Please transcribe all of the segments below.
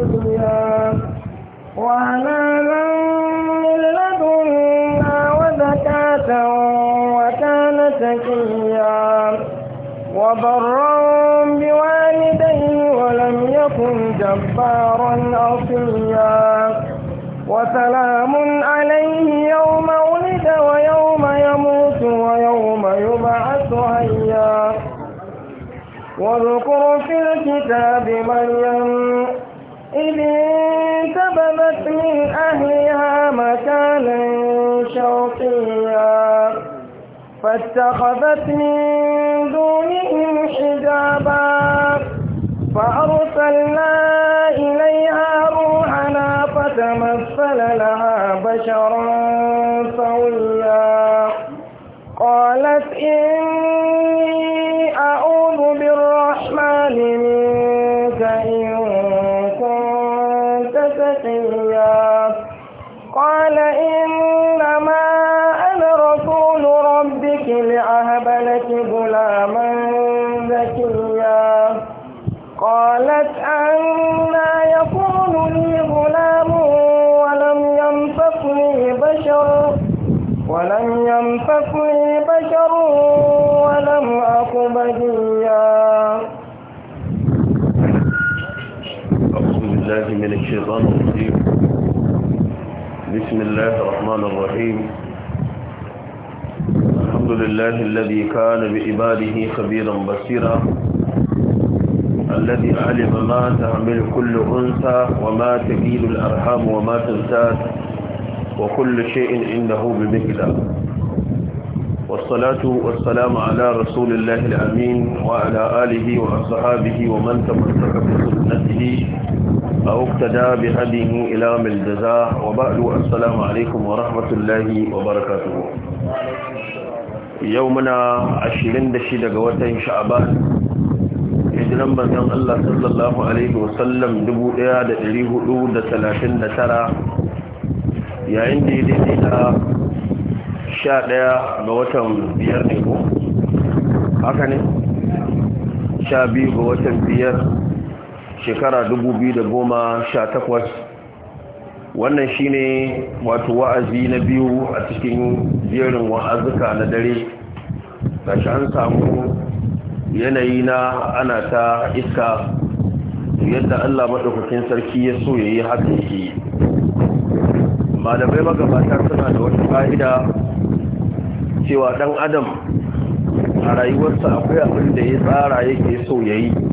الطغيان وعلى من لدنا وزكاة وكان تكيا وبرا بوالديه ولم يكن جبارا عصيا وسلام عليه يوم ولد ويوم يموت ويوم يبعث حيا واذكر في الكتاب مريم يومئذ انتبذت من أهلها مكانا شرقيا فاتخذت من دونهم حجابا فأرسلنا إليها روحنا فتمثل لها بشرا من الشيطان الرجيم بسم الله الرحمن الرحيم الحمد لله الذي كان بإباده خبيرا بصيرا الذي علم ما تعمل كل أنثى وما تجيل الأرحام وما تزداد وكل شيء عنده بمقدار والصلاة والسلام على رسول الله الأمين وعلى آله وأصحابه ومن تمسك بسنته أو اقتدى بهديه إلى من الجزاء وبعد السلام عليكم ورحمة الله وبركاته يومنا عشرين دشيدة قوتين شعبان hijiran manzon Allah sallallahu alaihi wasallam 1439 yayin da ya daidai da 11 ga watan biyar ne ko haka ne 12 ga watan biyar shekara dubu da goma sha takwas wannan shine wato wa'azi na biyu a cikin jerin wa'azuka na dare shi an samu yanayi na ana ta iska yadda Allah maɗaukakin sarki ya so ya yi haka yake malamai magabata suna da wata ƙa'ida cewa ɗan adam a rayuwarsa akwai abin da ya tsara yake so ya yi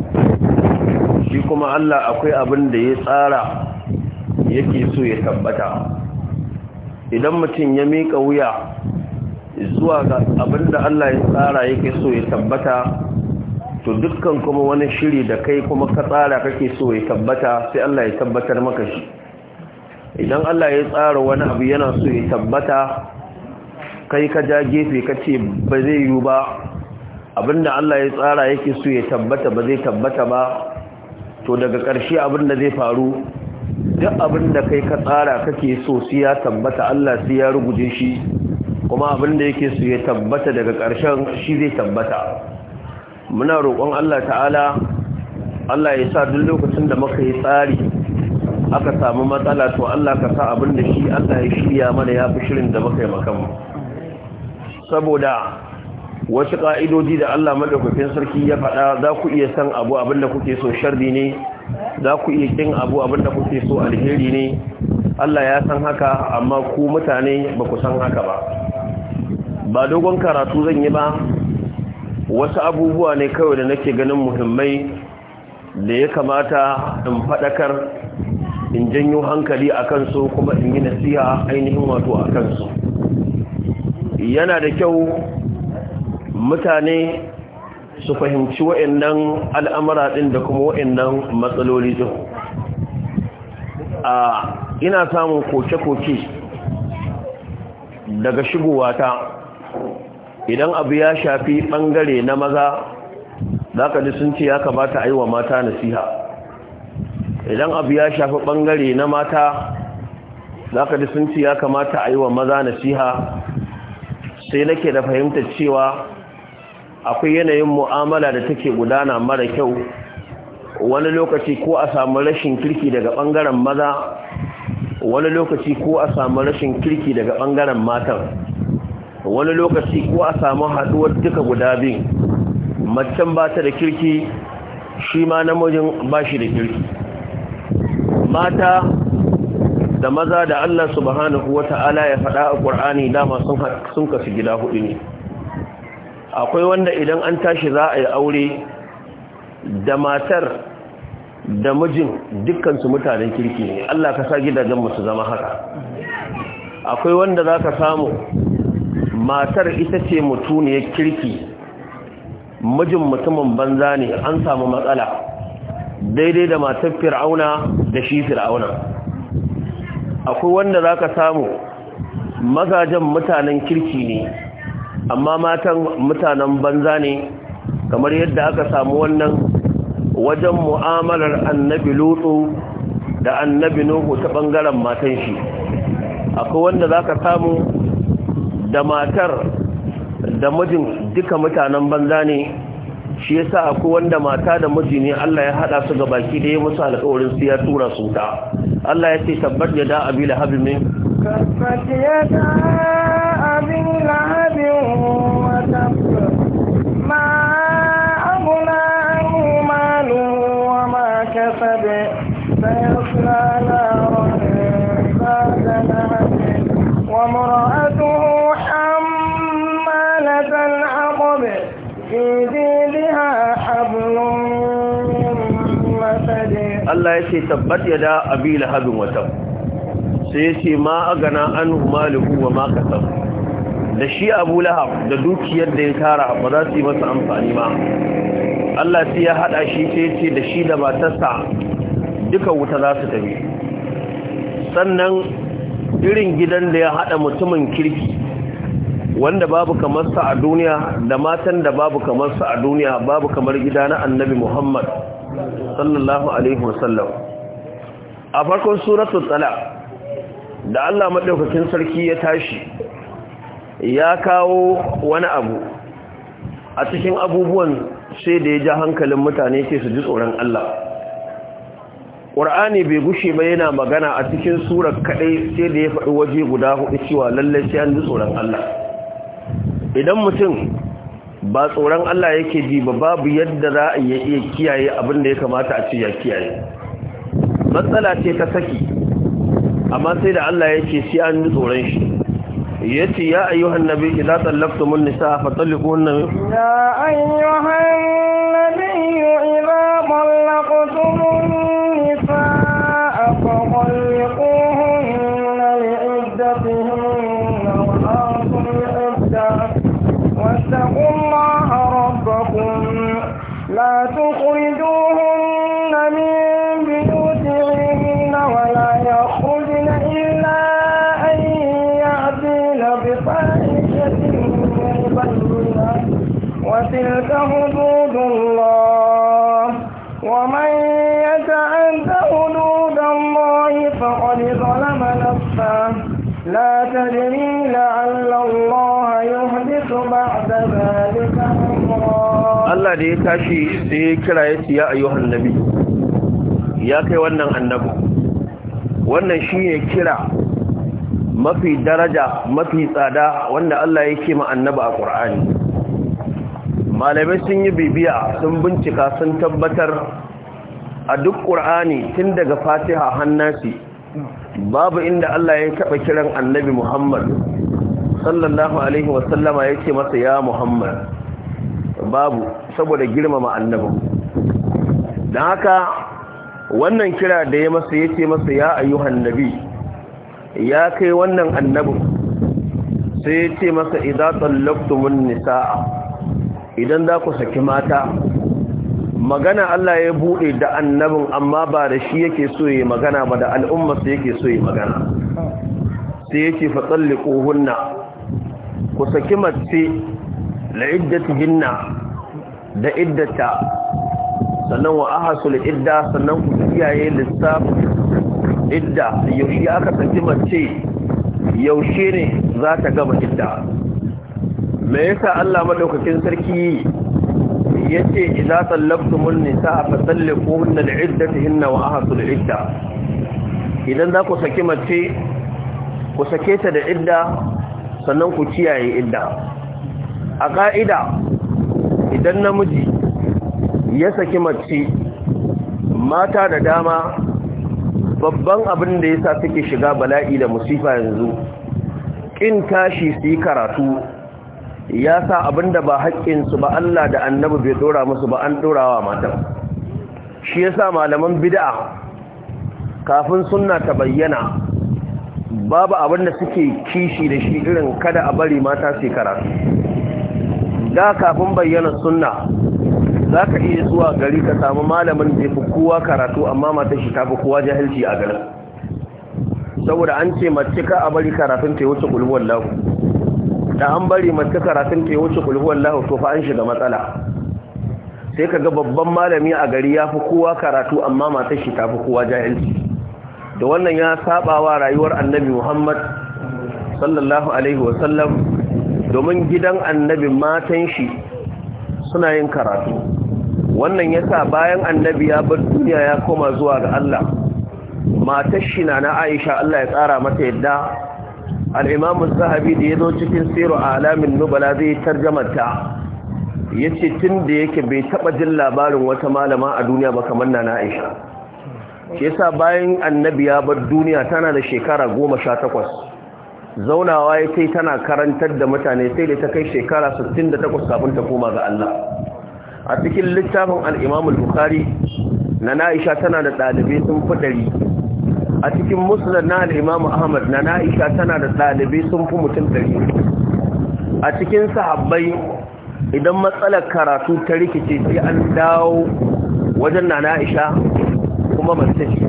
shi kuma Allah akwai abin da ya tsara yake so ya tabbata idan mutum ya miƙa wuya zuwa ga abin da Allah ya tsara yake so ya tabbata to dukkan kuma wani shiri da kai kuma ka tsara kake so ya tabbata sai Allah ya tabbatar maka shi idan Allah ya tsara wani abu yana so ya tabbata kai ka ja gefe ka ce ba zai yiwu ba abinda Allah ya tsara yake so ya tabbata ba zai tabbata ba to daga ƙarshe abin da zai faru duk abin da kai ka tsara kake so sai ya tabbata Allah sai ya rubuce shi kuma abin da yake so ya tabbata daga ƙarshen shi zai tabbata muna roƙon Allah ta'ala Allah ya sa duk lokacin da muka yi tsari aka samu matsala to Allah ka sa abin da shi Allah ya shirya mana ya fi shirin da muka yi makamu saboda wasu ƙa'idoji da Allah maɗaukakin sarki ya faɗa za ku iya san abu abinda kuke so shardi ne za ku iya kin abu abinda kuke so alheri ne Allah ya san haka amma ku mutane ba ku san haka ba ba dogon karatu zan yi ba wasu abubuwa ne kawai da nake ganin muhimmai da ya kamata in faɗakar in janyo hankali a kansu kuma in yi nasiha ainihin wato a kansu yana da kyau mutane su fahimci wa'annan al'amura ɗin da kuma wa'annan matsaloli ɗin a ina samun koke-koke daga shigowata idan abu ya shafi ɓangare na maza za ka ji sun ce ya kamata a yi wa mata nasiha idan abu ya shafi ɓangare na mata za ji sun ce ya kamata a yi wa maza nasiha sai nake da fahimtar cewa akwai yanayin mu'amala da take gudana mara kyau wani lokaci ko a samu rashin kirki daga ɓangaren maza wani lokaci ko a samu rashin kirki daga ɓangaren matan wani lokaci ko a samu haɗuwar duka guda biyu macen ba ta da kirki shi ma namijin ba shi da kirki mata da maza da Allah subhanahu Taala ya faɗa a ƙwar'ani dama sun kasu gida hudu ne akwai wanda idan an tashi za a yi aure da matar da mijin dukkansu mutanen kirki ne Allah ka sa gidajen musu zama haka akwai wanda za ka samu matar ita ce mutuniyar kirki mijin mutumin banza ne an samu matsala daidai da matar fir'auna da shi fir'auna akwai wanda za ka samu mazajen mutanen kirki ne amma matan mutanen banza ne kamar yadda aka samu wannan wajen mu'amalar annabi lutsu da annabi nuhu ta bangaren matan shi akwai wanda za ka samu da matar da mijin duka mutanen banza ne shi ya sa akwai wanda mata da miji ne Allah ya hada su ga baki da ya musu alkawarin su ya tura su ta Allah ya ce tabbat ya da abila habimin tabbat ya da أبي لهب وتب ما أغنى عنه ماله وما كسب سيصلى نارا ذات لهب وامرأته حمالة الحطب في جيدها حبل Allah ya ce tabbat ya da abi lahabin watan sai ya ce ma agana an maluhu wa ma kasab da shi abu lahab da dukiyar da ya tara ba za su yi masa amfani ba Allah sai ya haɗa shi ce ce da shi da matarsa duka wuta za su tafi sannan irin gidan da ya haɗa mutumin kirki wanda babu kamarsa a duniya da matan da babu kamarsa a duniya babu kamar gida na annabi Muhammad sallallahu alaihi wasallam a farkon suratul talaq da Allah maɗaukacin sarki ya tashi ya kawo wani abu a cikin abubuwan sai da ya ja hankalin mutane ce su ji tsoron Allah ƙur'ani bai gushe ba yana magana a cikin surar kaɗai sai da ya faɗi waje guda hudu cewa lallai sai an ji tsoron Allah idan mutum ba tsoron Allah yake ji ba babu yadda za a iya kiyaye abin da ya kamata a ce ya kiyaye matsala ce ta saki amma sai da Allah yake sai an ji tsoron shi يتي يا أيها النبي إذا طلقتم النساء فطلقوهن يا أيها النبي إذا طلقتم النساء فطلقوهن لعدتهن وأنتم العدة واتقوا الله ربكم لا تخرجوهن Allah da ya tashi sai ya kira ya ce ya ayyuhan nabi ya kai wannan annabi wannan shi ne kira mafi daraja mafi tsada wanda Allah ya ce ma annabi a Qur'ani malamai sun yi bibiya sun bincika sun tabbatar a duk ƙur'ani tun daga fatiha hannasi babu inda Allah ya taɓa kiran annabi Muhammad sallallahu Alaihi wasallama ya ce masa ya Muhammad babu saboda girmama annabin don haka wannan kira da ya masa ya ce masa ya ayyuhan nabi ya kai wannan annabin sai ya ce masa idan tsallaftumun nisa'a idan za ku saki mata magana Allah ya buɗe da annabin amma ba da shi yake so yi magana ba da sai yake so yi magana sai yake fatsalli ƙohunna ku saki mace hinna da iddata sannan wa ahasul idda sannan ku kiyaye lissaf idda yaushe aka saki mace yaushe ne za ta gama idda me yasa Allah madaukakin sarki yace idza tallaqtumun nisaa fatalliquhunna li'iddatihinna wa ahasul idda idan za ku saki mace ku sake ta da idda sannan ku kiyaye idda a ƙa'ida idan namiji ya saki mace mata da dama babban abin da ya sa suke shiga bala'i da musifa yanzu ƙin tashi su karatu ya sa abin da ba haƙƙinsu ba Allah da annabi bai tsora musu ba an ɗorawa matan shi ya sa malaman bida'a kafin sunna ta bayyana babu abin da suke kishi da shi irin kada a bari mata su karatu da kafin bayyana sunna za ka iya zuwa gari ka samu malamin da fi kowa karatu amma mata shi ta fi kowa jahilci a garin saboda an ce mace ka a bari karatun ta wuce kulhuwar lahu da an bari mace karatun ta wuce kulhuwar lahu to fa an shiga matsala sai ka ga babban malami a gari ya fi kowa karatu amma mata shi ta fi kowa jahilci da wannan ya saba wa rayuwar annabi muhammad sallallahu alaihi wasallam domin gidan annabi matan shi suna yin karatu wannan yasa bayan annabi ya bar duniya ya koma zuwa ga Allah matar shi na na Aisha Allah ya tsara mata yadda al-Imam zahabi da yazo cikin Sirru Alamin Nubala zai tarjamata yace tun da yake bai taba jin labarin wata malama a duniya ba kamar na Aisha shi yasa bayan annabi ya bar duniya tana da shekara 18 zaunawa ya ce tana karantar da mutane sai da ta kai shekara 68 kafin ta koma ga Allah a cikin littafin al bukhari na Aisha tana da ɗalibi sun fi ɗari. a cikin Musnad na al-Imam Ahmad na Aisha tana da ɗalibi sun fi mutum ɗari. a cikin sahabbai idan matsalar karatu ta rikice sai an dawo wajen na Aisha kuma mace tashi.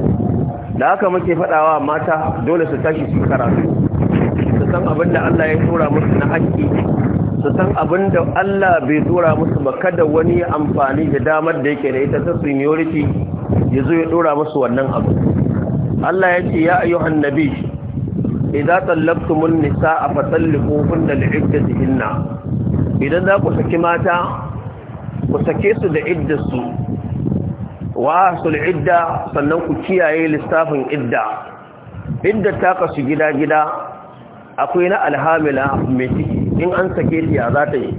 da haka muke faɗawa mata dole su tashi su karatu san abin da Allah ya tura musu na haƙƙi su san abin da Allah bai tura musu ba kada wani ya amfani da damar da yake da ita ta seniority ya zo ya tura musu wannan abu Allah ya ce ya ayyuhan nabi idza tallaqtumun nisaa fa talliquhunna li'iddatihinna idan za ku saki mata ku sake su da iddarsu wa sul idda sannan ku kiyaye lissafin idda idda ta kasu gida-gida akwai na alhamila mai ciki in an sake shi ya za ta yi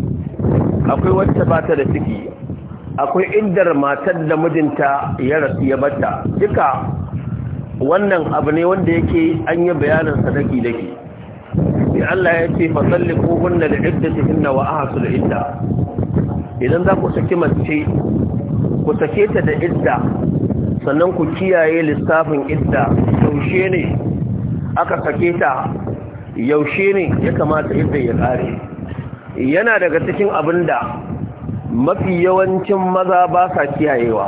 akwai wacce ba ta da ciki akwai indar matar da mijinta ya rasu ya bata duka wannan abu ne wanda yake an yi bayanin sadaki dake sai Allah ya ce fa salliqu hunna ta hinna wa da idda idan za ku saki mace ku sake ta da idda sannan ku kiyaye lissafin idda yaushe ne aka sake ta yaushe ne ya kamata yadda ya tsare? yana daga cikin abin da mafi yawancin maza ba sa kiyayewa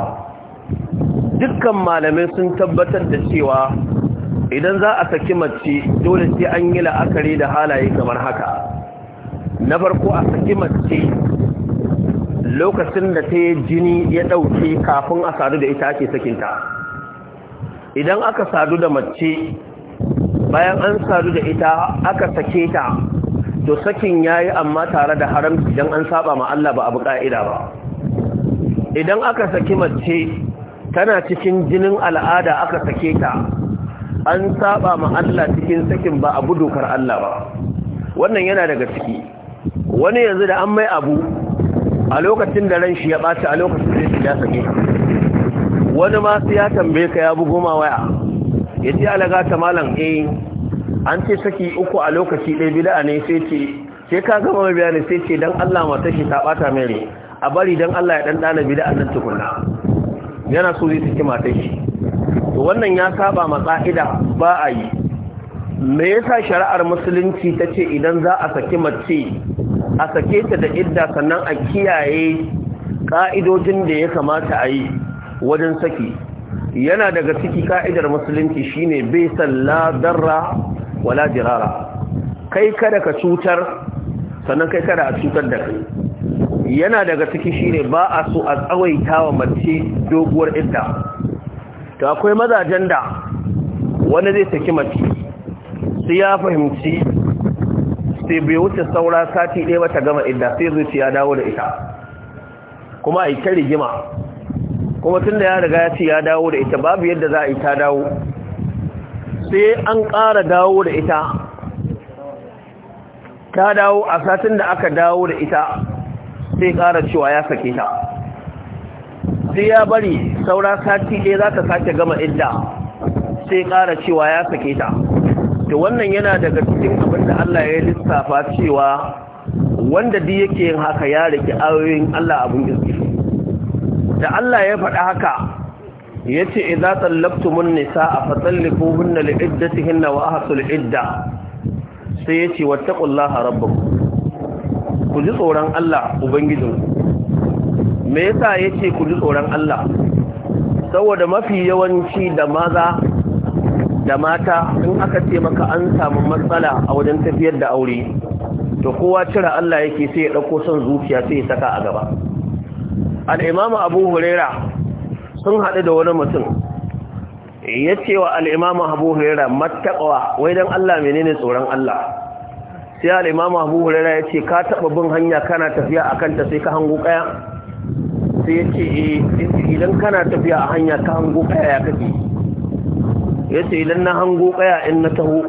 dukkan malamai sun tabbatar da cewa idan za a saki mace dole sai an yi la'akari da halaye kamar haka na farko a saki mace lokacin da ta yi jini ya ɗauke kafin a sadu da ita ake sakinta idan aka sadu da mace bayan an sadu da ita aka sake ta to sakin yayi amma tare da haram idan an saba ma Allah ba abu ka'ida ba idan aka saki mace tana cikin jinin al'ada aka sake ta an saba ma Allah cikin sakin ba abu dokar Allah ba wannan yana daga ciki wani yanzu da an mai abu a lokacin da ran shi ya ɓaci a lokacin da ya sake wani ma sai ya tambaye ka ya bugo ma waya ya ce alaga ta malam e an ce saki uku a lokaci ɗaya bida ne sai ce ce ka gama mai bayani sai ce don allah mata shi ta ɓata mere a bari don allah ya ɗanɗana bida nan tukuna yana so zai suke mata shi wannan ya saba matsa'ida ba a yi me yasa shari'ar musulunci ta ce idan za a saki mace a sake ta da idda sannan a kiyaye ƙa'idojin da ya kamata a yi wajen saki yana daga ciki ka'idar musulunci shine bai salla darra wala dirara kai kada ka cutar sannan kai kada a cutar da kai yana daga ciki shine ba a so a tsawaita wa mace doguwar idda to akwai mazajen da wani zai saki mace sai ya fahimci sai bai wuce saura sati ɗaya ba ta gama idda sai zuciya dawo da ita kuma a yi ta rigima kuma tun da ya riga ya ce ya dawo da ita babu yadda za a yi ta dawo sai an ƙara dawo da ita ta dawo a satin da aka dawo da ita sai ƙara cewa ya sake ta sai ya bari saura sati ɗaya za ta sake gama idda sai ƙara cewa ya sake ta da wannan yana daga cikin abin da Allah ya lissafa cewa wanda duk yake yin haka ya rike ayoyin Allah abin gaske da Allah ya faɗa haka ya ce idza tallaqtumun nisaa fatallikuhunna liiddatihinna wa ahsul idda sai ya ce wattaqullaha rabbakum ku ji tsoron Allah ubangijinku me yasa yace ku ji tsoron Allah saboda mafi yawanci da maza da mata in aka ce maka an samu matsala a wajen tafiyar da aure to kowa cira Allah yake sai ya ɗauko son zuciya sai ya saka a gaba al'imamu abu hurera sun haɗu da wani mutum ya ce wa al'imamu abu hurera mataɓawa wai don Allah ne tsoron Allah sai al'imamu abu hurera ya ce ka taɓa bin hanya kana tafiya a kanta sai ka hango ƙaya sai ya ce eh, idan kana tafiya a hanya ka hango ƙaya ya kake ya ce idan na hango ƙaya in na taho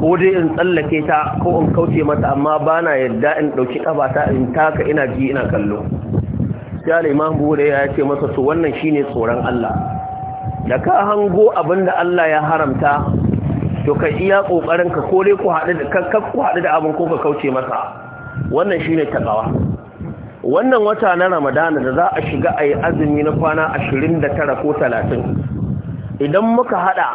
ko dai in tsallake ta ko in kauce mata amma ba na yadda in ɗauki ta in taka ina ji ina kallo sai al'imam da ya ce masa su wannan shine tsoron Allah da ka hango abin da Allah ya haramta to ka iya ƙoƙarin ka kore ku haɗu da kakkak ku haɗu da abin ko ka kauce masa wannan shine takawa wannan wata na ramadana da za a shiga a yi azumi na kwana ashirin da tara ko talatin idan muka haɗa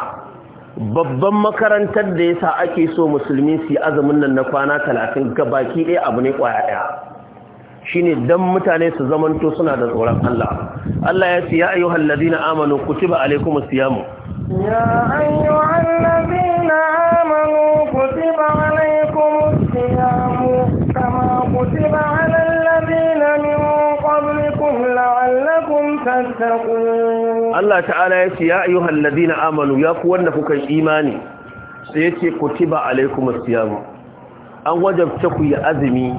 babban makarantar da yasa ake so musulmi su yi azumin nan na kwana talatin ga baki ɗaya abu ne ƙwaya ɗaya shine dan mutane su zamanto suna da tsoron Allah Allah ya ce ya ayyuhal ladina amanu kutiba alaikumus siyam ya ayyuhal ladina amanu kutiba alaikumus Siyamu! kama kutiba alal ladina min qablikum la'allakum tattaqun Allah ta'ala ya ce ya ayyuhal ladina amanu ya ku wanda kuka imani sai ya ce kutiba alaikumus Siyamu! an wajabta ku yi azumi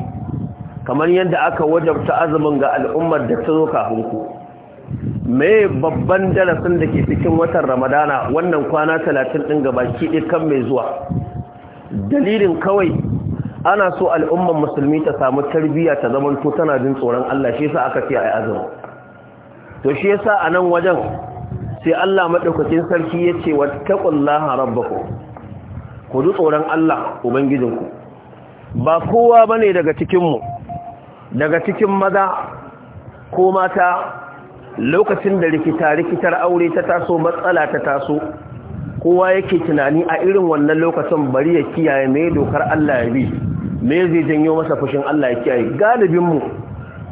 kamar yadda aka wajabta azumin ga al'ummar da ta zo kafin ku me babban darasin da ke cikin watan ramadana wannan kwana talatin ɗin gaba kiɗi kan mai zuwa dalilin kawai ana so al'ummar musulmi ta samu tarbiyya ta zaman to tana jin tsoron Allah shi yasa aka ce a azumi to shi yasa a nan wajen sai Allah madaukakin sarki ya ce wattaqullaha rabbakum ku ji tsoron Allah ubangijinku ba kowa bane daga cikin mu daga cikin maza ko mata lokacin da rikita-rikitar aure ta taso matsala ta taso kowa yake tunani a irin wannan lokacin bari ya kiyaye mai dokar Allah ya bi me zai janyo masa fushin Allah ya kiyaye galibinmu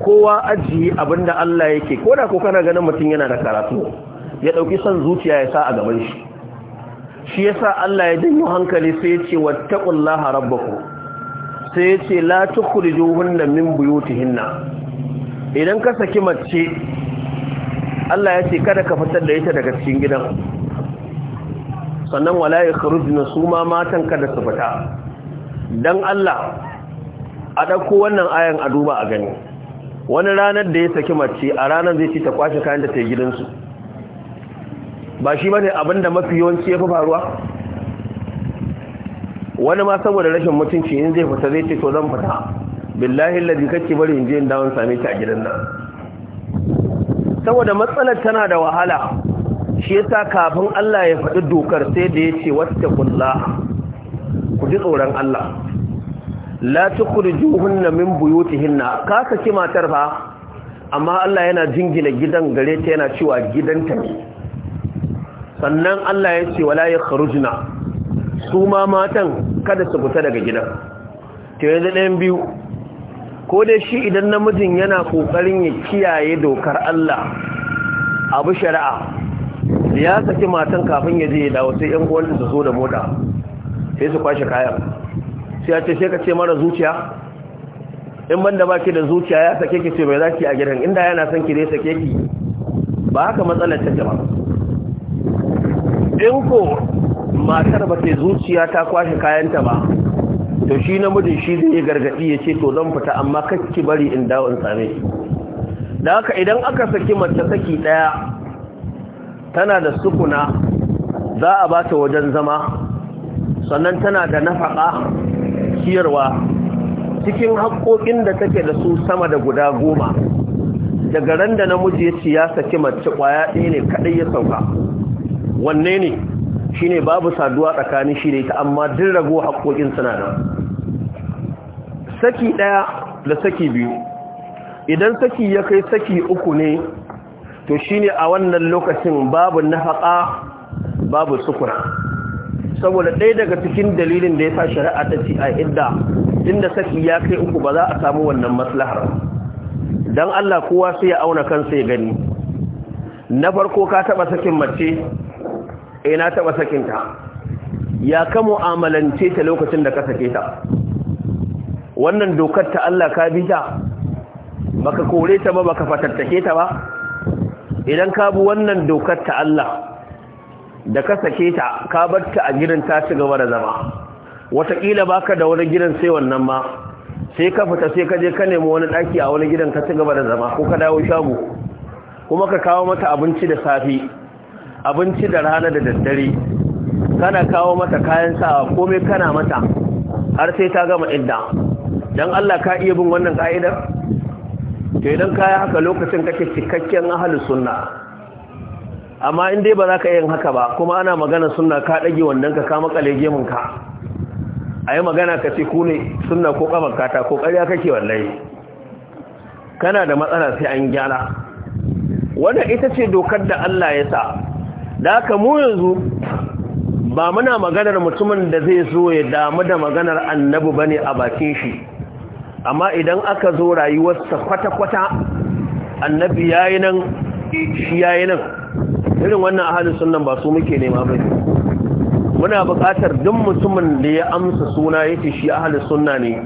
kowa ajiye abinda Allah yake ko da ko kana ganin mutum yana da karatu ya ɗauki son zuciya ya sa a gaban shi shi yasa Allah ya janyo hankali sai ya ce wattaqullaha ku. sai ya ce la hunna min buyutihinna idan ka saki mace Allah ya ce kada ka fitar da ita daga cikin gidan sannan wala yakhrujna suma matan kada su fita dan Allah a dauko wannan ayan a duba a gani wani ranar da ya saki mace a ranar zai ci ta kwashe kayan da ta gidansu ba shi bane abinda mafi yawanci ya fi faruwa wani ma saboda rashin mutunci in zai fita zai ce to zan fita billahi Ladi kake bari in je in dawo same ta a gidan nan saboda matsalar tana da wahala shi yasa kafin Allah ya faɗi dokar sai da yace wattaqullah ku ji tsoron Allah la tukhrijuhunna min buyutihinna ka saki matar fa amma Allah yana jingina gidan gare ta yana cewa gidanta ne sannan Allah ya ce wala yakhrujna su ma matan kada su fita daga gidan ta yanzu ɗayan biyu ko dai shi idan namijin yana ƙoƙarin ya kiyaye dokar Allah abu shari'a ya saki matan kafin ya je ya dawo sai ‘yan uwan su zo da mota sai su kwashe kayan sai ya ce sai ka ce mara zuciya in banda ba ki da zuciya ya sake ki ce mai za ki a gidan inda yana son ki dai sake ki ba haka matsalar ta jama'a in ko matar ba ta zuciya ta kwashe kayanta ba to shi namijin shi zai gargadi ya ce to zan fita amma kakki bari in dawo in same shi da haka idan aka saki mace saki daya tana da sukuna za a ba ta wajen zama sannan tana da nafaka ciyarwa cikin haƙoƙin da take da su sama da guda goma daga ran da namiji ya ci ya saki mace ƙwaya ɗaya ne kaɗai ya sauka wanne ne Shi ne babu saduwa tsakanin shi da ita amma duk rago haƙoƙin suna da saki ɗaya da saki biyu idan saki ya kai saki uku ne to shi ne a wannan lokacin babu nafaƙa babu sukura saboda ɗaya daga cikin dalilin da ya sa shari'a ta ci a idda inda saki ya kai uku ba za a samu wannan maslahar don Allah kowa sai ya auna kansa ya gani na farko ka taɓa sakin mace E, na taba sakinta. ya ka mu'amalance ta lokacin da ka sake ta wannan dokar ta Allah ka bi ta baka kore ta ba baka fatattake ta ba idan ka bi wannan dokar ta Allah da ka sake ta ka bar ta a gidan ta ci gaba da zama wataƙila baka da wani gidan sai wannan ma sai ka fita sai ka je ka nemi wani ɗaki a wani gidan ka ci gaba da zama ko ka dawo shago kuma ka kawo mata abinci da safi abinci da rana da daddare kana kawo mata kayan sawa komai kana mata har sai ta gama idda dan Allah ka iya bin wannan ka'idar to idan kai haka lokacin kake cikakken ahli sunna amma in dai ba za ka yin haka ba kuma ana magana sunna ka dage wannan ka ka makale gemin ka ayi magana ka ce ku ne sunna ko kaman kata ko ƙarya kake wallahi kana da matsala sai an gyara wannan ita ce dokar da Allah ya sa da aka mu yanzu ba muna maganar mutumin da zai zo ya damu da maganar ba bane a bakin shi amma idan aka zo rayuwarsa kwata-kwata annabi yayi nan shi yayi nan irin wannan ahalin sunan ba su muke nema ba muna buƙatar duk mutumin da ya amsa suna yake shi ahalin sunna ne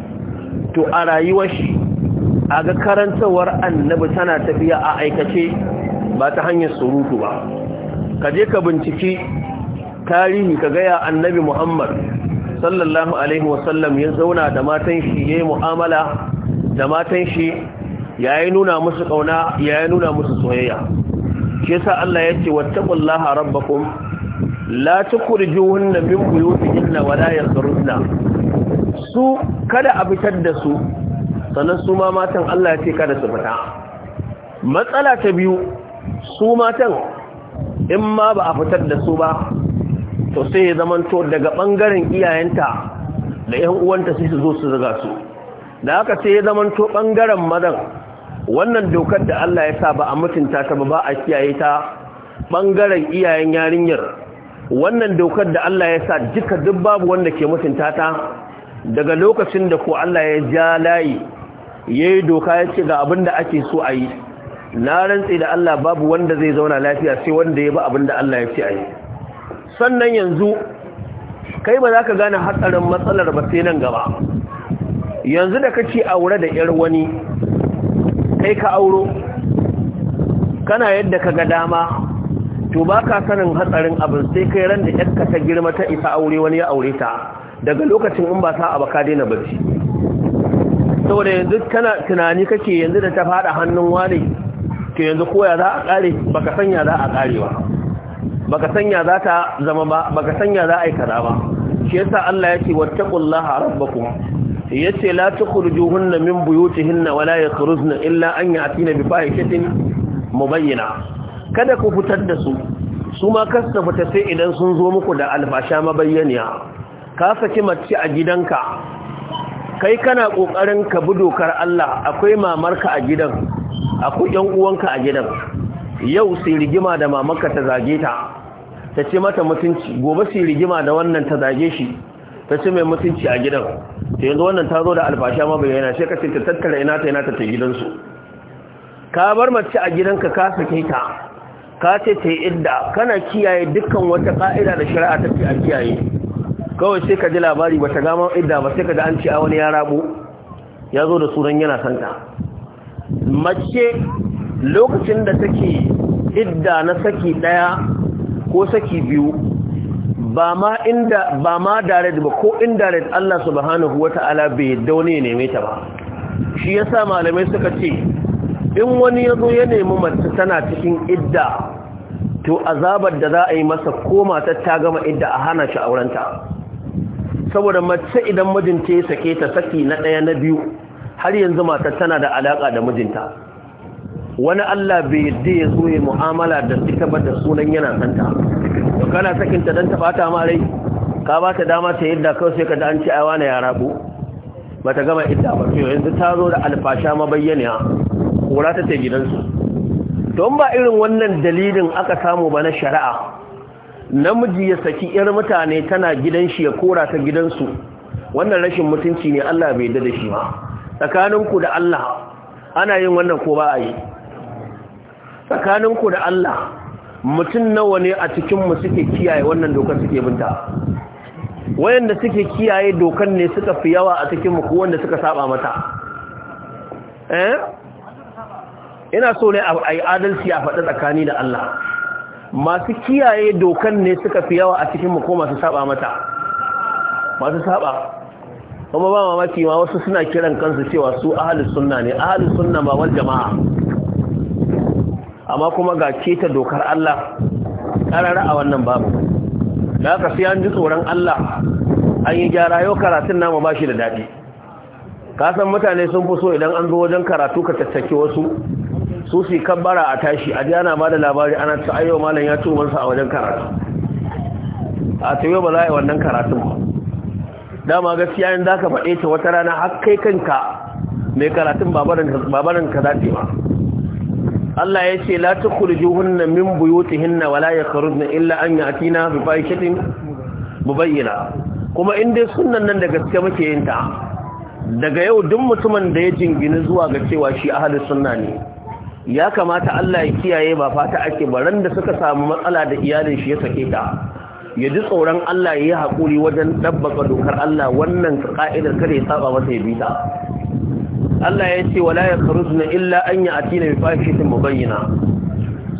to a rayuwar shi a ga karantawar annabi tana tafiya a aikace ba ta hanyar surutu ba ka je ka binciki tarihi ka gaya annabi muhammad sallallahu alaihi wasallam ya zauna da matan shi ya yi mu'amala da matan shi ya yi nuna musu ƙauna ya yi nuna musu soyayya shi sa Allah ya ce wattaqullaha rabbakum la tukhrijuhunna min buyutihinna wa la yakhrujna su kada a fitar da su sannan su ma matan Allah ya ce kada su fita matsala ta biyu su matan in ma ba a fitar da su ba to sai ya to daga ɓangaren iyayenta da 'yan uwanta sai su zo su zaga su da haka sai ya zamanto bangaren madan wannan dokar da Allah ya sa ba a mutunta ta ba a kiyaye ta ɓangaren iyayen yarinyar wannan dokar da Allah ya sa duka duk babu wanda ke mutunta ta daga lokacin da ko Allah ya ja layi ya doka ya ce ga abin da ake so a yi na rantse da Allah babu wanda zai zauna lafiya sai wanda ya ba abin da Allah ya ce a yi sannan yanzu kai ba za ka gane hatsarin matsalar ba sai nan gaba yanzu da kake aure da yar wani kai ka auro kana yadda ka ga dama to ba ka sanin hatsarin abin sai kai ran da yarka ta girma ta isa aure wani ya aure ta daga lokacin in ba sa abu ka daina barci saboda yanzu kana tunani kake yanzu da ta fada hannun wani to yanzu koya za a kare baka sanya za a kare ba baka sanya za ta zama ba baka sanya za a yi kaza ba shi yasa Allah yace wattaqullaha rabbakum yace la tukhrujuhunna min buyutihinna wala yakhrujna illa an ya'tina bi fahishatin mubayyana kada ku fitar da su su ma kasta fita sai idan sun zo muku da albasha mabayyaniya ka saki mace a gidanka kai kana ƙoƙarin ka bi dokar Allah akwai mamarka a gidan akwai ɗan uwanka a gidan yau sai rigima da mamarka ta zage ta ta ce mata mutunci gobe sai rigima da wannan ta zage shi ta ce mai mutunci a gidan ta yanzu wannan ta zo da albasha ma bai yana sai ka ce ta tattara ina ta yana ta ta gidansu ka bar mace a gidanka ka sake ta ka ce ta yi idda kana kiyaye dukkan wata ka'ida da shari'a ta ce a kiyaye kawai sai ka ji labari ba ta gama idda ba sai ka ji an ce a wani ya rabo ya zo da sunan yana santa mace lokacin da take idda na saki daya ko saki biyu ba ma inda ba ma direct ba ko indirect Allah subhanahu wata'ala bai yadda wani ya neme ta ba shi yasa malamai suka ce in wani ya zo ya nemi mace tana cikin idda to azabar da za a yi masa ko matar ta gama idda a hana shi aurenta saboda mace idan mijinta ya sake ta saki na ɗaya na biyu har yanzu matar tana da alaƙa da mijinta wani Allah bai yadda ya zo ya mu'amala da ita ba da sunan yana santa to kana sakin ta dan taɓa ta marai ka ba ta dama ta yadda kawai sai ka da an ci aiwa na yara Ba bata gama idda ba to yanzu ta zo da alfasha mabayyana kora ta ta gidansu don ba irin wannan dalilin aka samu ba na shari'a namiji ya saki yar mutane tana gidan shi ya kora ta gidansu wannan rashin mutunci ne Allah bai yarda da shi ba tsakaninku da Allah ana yin wannan ko ba a yi tsakaninku da Allah mutum nawa ne a cikinmu suke kiyaye wannan dokar suke binta wayanda suke kiyaye dokar ne suka fi yawa a cikinmu ko wanda suka saba mata eh ina so ne a yi adalci a faɗi tsakani da Allah masu kiyaye dokan ne suka fi yawa a cikin mu ko masu saba mata masu saba kuma ba mamaki ma wasu suna kiran kansu cewa su ahalus sunna ne ahalus sunna ba wal jama'a amma kuma ga keta dokar Allah karara a wannan babu da aka sai an ji tsoron Allah an yi gyara yau karatun namu ba shi da dadi. ka san mutane sun fi so idan an zo wajen karatu ka tattake wasu su su kabbara a tashi a jana ba da labari ana ta ayyau malam ya ci umarsa a wajen karatu a ta ba za a yi wannan karatun dama gaskiya yin za ka faɗe ta wata rana har kai kanka mai karatun babanin ka zaɗe ma Allah ya ce la ta kurji hunna min buyuti hinna wala ya na illa an yi atina bi bayyana. kuma in dai sunan nan da gaske muke yin ta daga yau duk mutumin da ya jingini zuwa ga cewa shi ahalus sunna ne ya kamata Allah ya kiyaye ba fata ake baran da suka samu matsala da iyalin shi ya sake ta ya ji tsoron Allah ya yi haƙuri wajen ɗabbaka dokar Allah wannan ka'idar kada ya saba masa ya bita Allah ya ce wala ya kharujna illa an ya'tina bi fahishatin mubayyina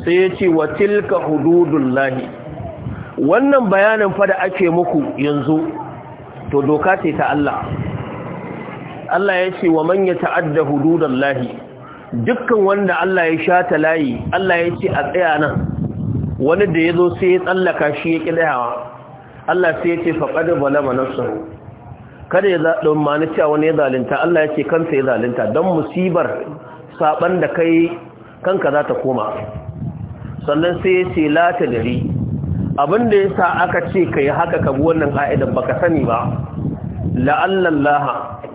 sai ya ce wa tilka hududullahi wannan bayanin fa da ake muku yanzu to doka ce ta Allah Allah ya ce wa man ya ta'adda hududallahi dukkan wanda Allah ya sha ta layi Allah ya ce a tsaya nan wani da ya zo sai ya tsallaka shi ya ƙidayawa Allah sai ya ce faƙaɗa balama su kada ya ma mani cewa wani ya zalinta Allah ya ce kansa ya zalinta don musibar saɓan da kai kanka za ta koma sannan sai ya ce lata dari abinda ya sa aka ce ka yi haka ka bi wannan ka'idan baka sani ba la'allallaha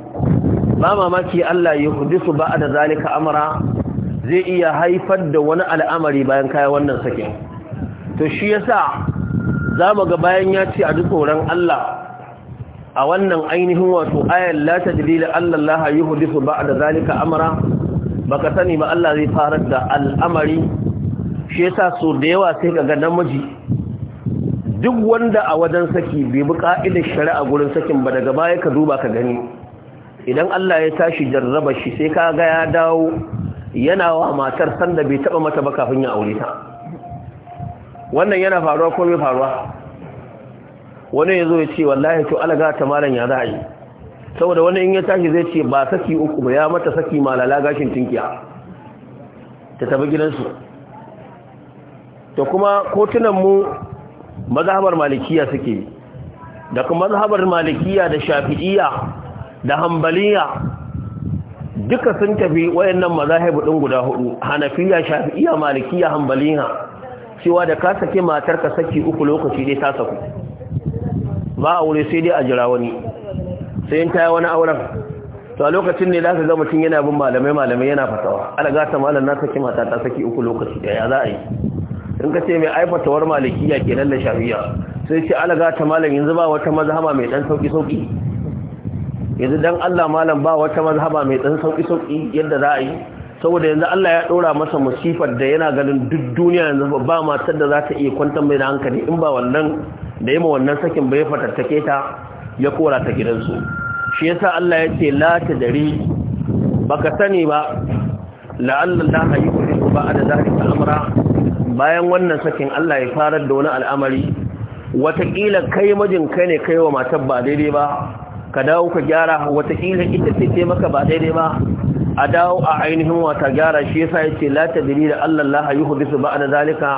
ba mamaki Allah ya hudisu ba da zalika amara zai iya haifar da wani al'amari bayan kaya wannan sakin to shi yasa mu ga bayan ya ce a duk horon Allah a wannan ainihin wato ayar la tadlila Allah ya hudisu ba da zalika amara baka sani ba Allah zai farar da al'amari shi yasa so da yawa sai kaga namiji duk wanda a wajen saki bai bi ka'idar shari'a gurin sakin ba daga baya ka duba ka gani idan Allah ya tashi jarraba shi sai kaga ya dawo yana wa matar sanda bai taba mata ba kafin ya aure ta wannan yana faruwa ko bai faruwa wani yazo ya ce wallahi to alaga ta malan ya za'a saboda wani in ya tashi zai ce ba saki uku ba ya mata saki malala gashin tinkiya ta tafi gidansu da kuma kotunan mu mazhabar malikiya suke da kuma mazhabar malikiya da shafi'iyya da hambaliya duka sun tafi wayannan mazahibu din guda hudu hanafiya shafi'iyya malikiya hambaliya cewa da ka sake matar ka saki uku lokaci dai ta saku ba aure sai dai a jira wani sai ta yi wani auren to a lokacin ne za ka ga mutum yana bin malamai malamai yana fatawa alaga ta malam na saki mata ta saki uku lokaci ya za a yi in ka ce mai aifatawar malikiya kenan da shafiya? sai ce alaga ta malam yanzu ba wata mazhaba mai dan sauki sauki yanzu dan Allah malam ba wata mazhaba mai dan sauki sauki yadda za a yi saboda yanzu Allah ya dora masa musifar da yana ganin duk duniya yanzu ba matar da za ta iya kwantar mai da hankali in ba wannan da yi ma wannan sakin bai fatattake ta ya kora ta gidansu shi yasa Allah ya ce la ta dari baka sani ba la'alla la ba da zalika amra bayan wannan sakin Allah ya farar da wani al'amari wataƙila kai mijin kai ne kai wa matar ba daidai ba ka dawo ka gyara watakila ita ce ce maka ba daidai ba a dawo a ainihin wata gyara shi yasa yace la tadri da Allah la yuhdisu ba'da zalika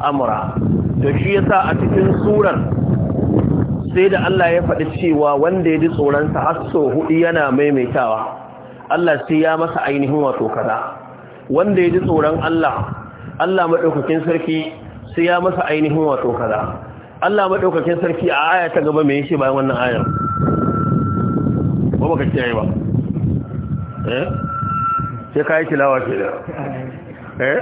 amura? to shi yasa a cikin surar sai da Allah ya faɗi cewa wanda ya ji tsoron sa hasso hudu yana maimaitawa Allah sai ya masa ainihin wato kaza wanda ya ji tsoron Allah Allah madaukakin sarki sai ya masa ainihin wato kaza Allah madaukakin sarki a aya ta gaba me shi bayan wannan ayar ba baka kiyaye ba eh sai kai tilawa ce da eh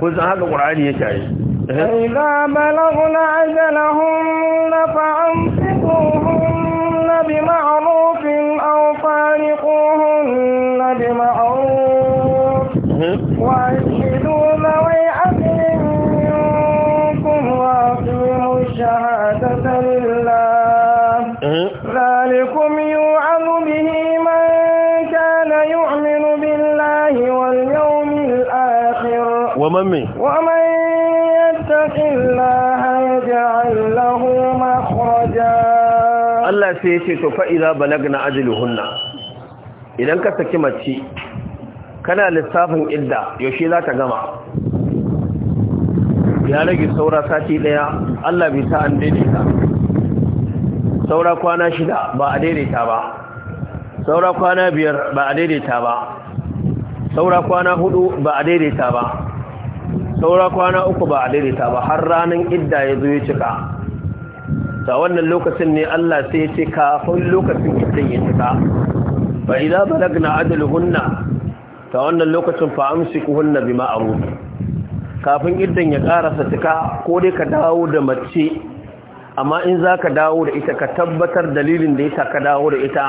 kun san haka qur'ani yake ai إذا بلغن أجلهن فأمسكوهن بمعروف أو فارقوهن بمعروف تتلى ذلكم يوعظ به من كان يؤمن بالله واليوم الآخر ومن Allah sai ya ce to fa’ila balag na ajiluhunna idan ka saki mace kana lissafin idda yaushe za ta gama ya rage saura sati ɗaya. Allah bai sa an daidaita saura kwana shida ba a daidaita ba saura kwana biyar ba a daidaita ba saura kwana hudu ba a daidaita ba saura kwana uku ba a daidaita ba har ranar idda ya zo ya cika ta wannan lokacin ne Allah sai ya ce kafin lokacin idan ya cika ba idza balagna ajaluhunna ta wannan lokacin fa amsikuhunna bima'ruf kafin iddan ya karasa cika ko dai ka dawo da mace amma in za ka dawo da ita ka tabbatar dalilin da ya ka dawo da ita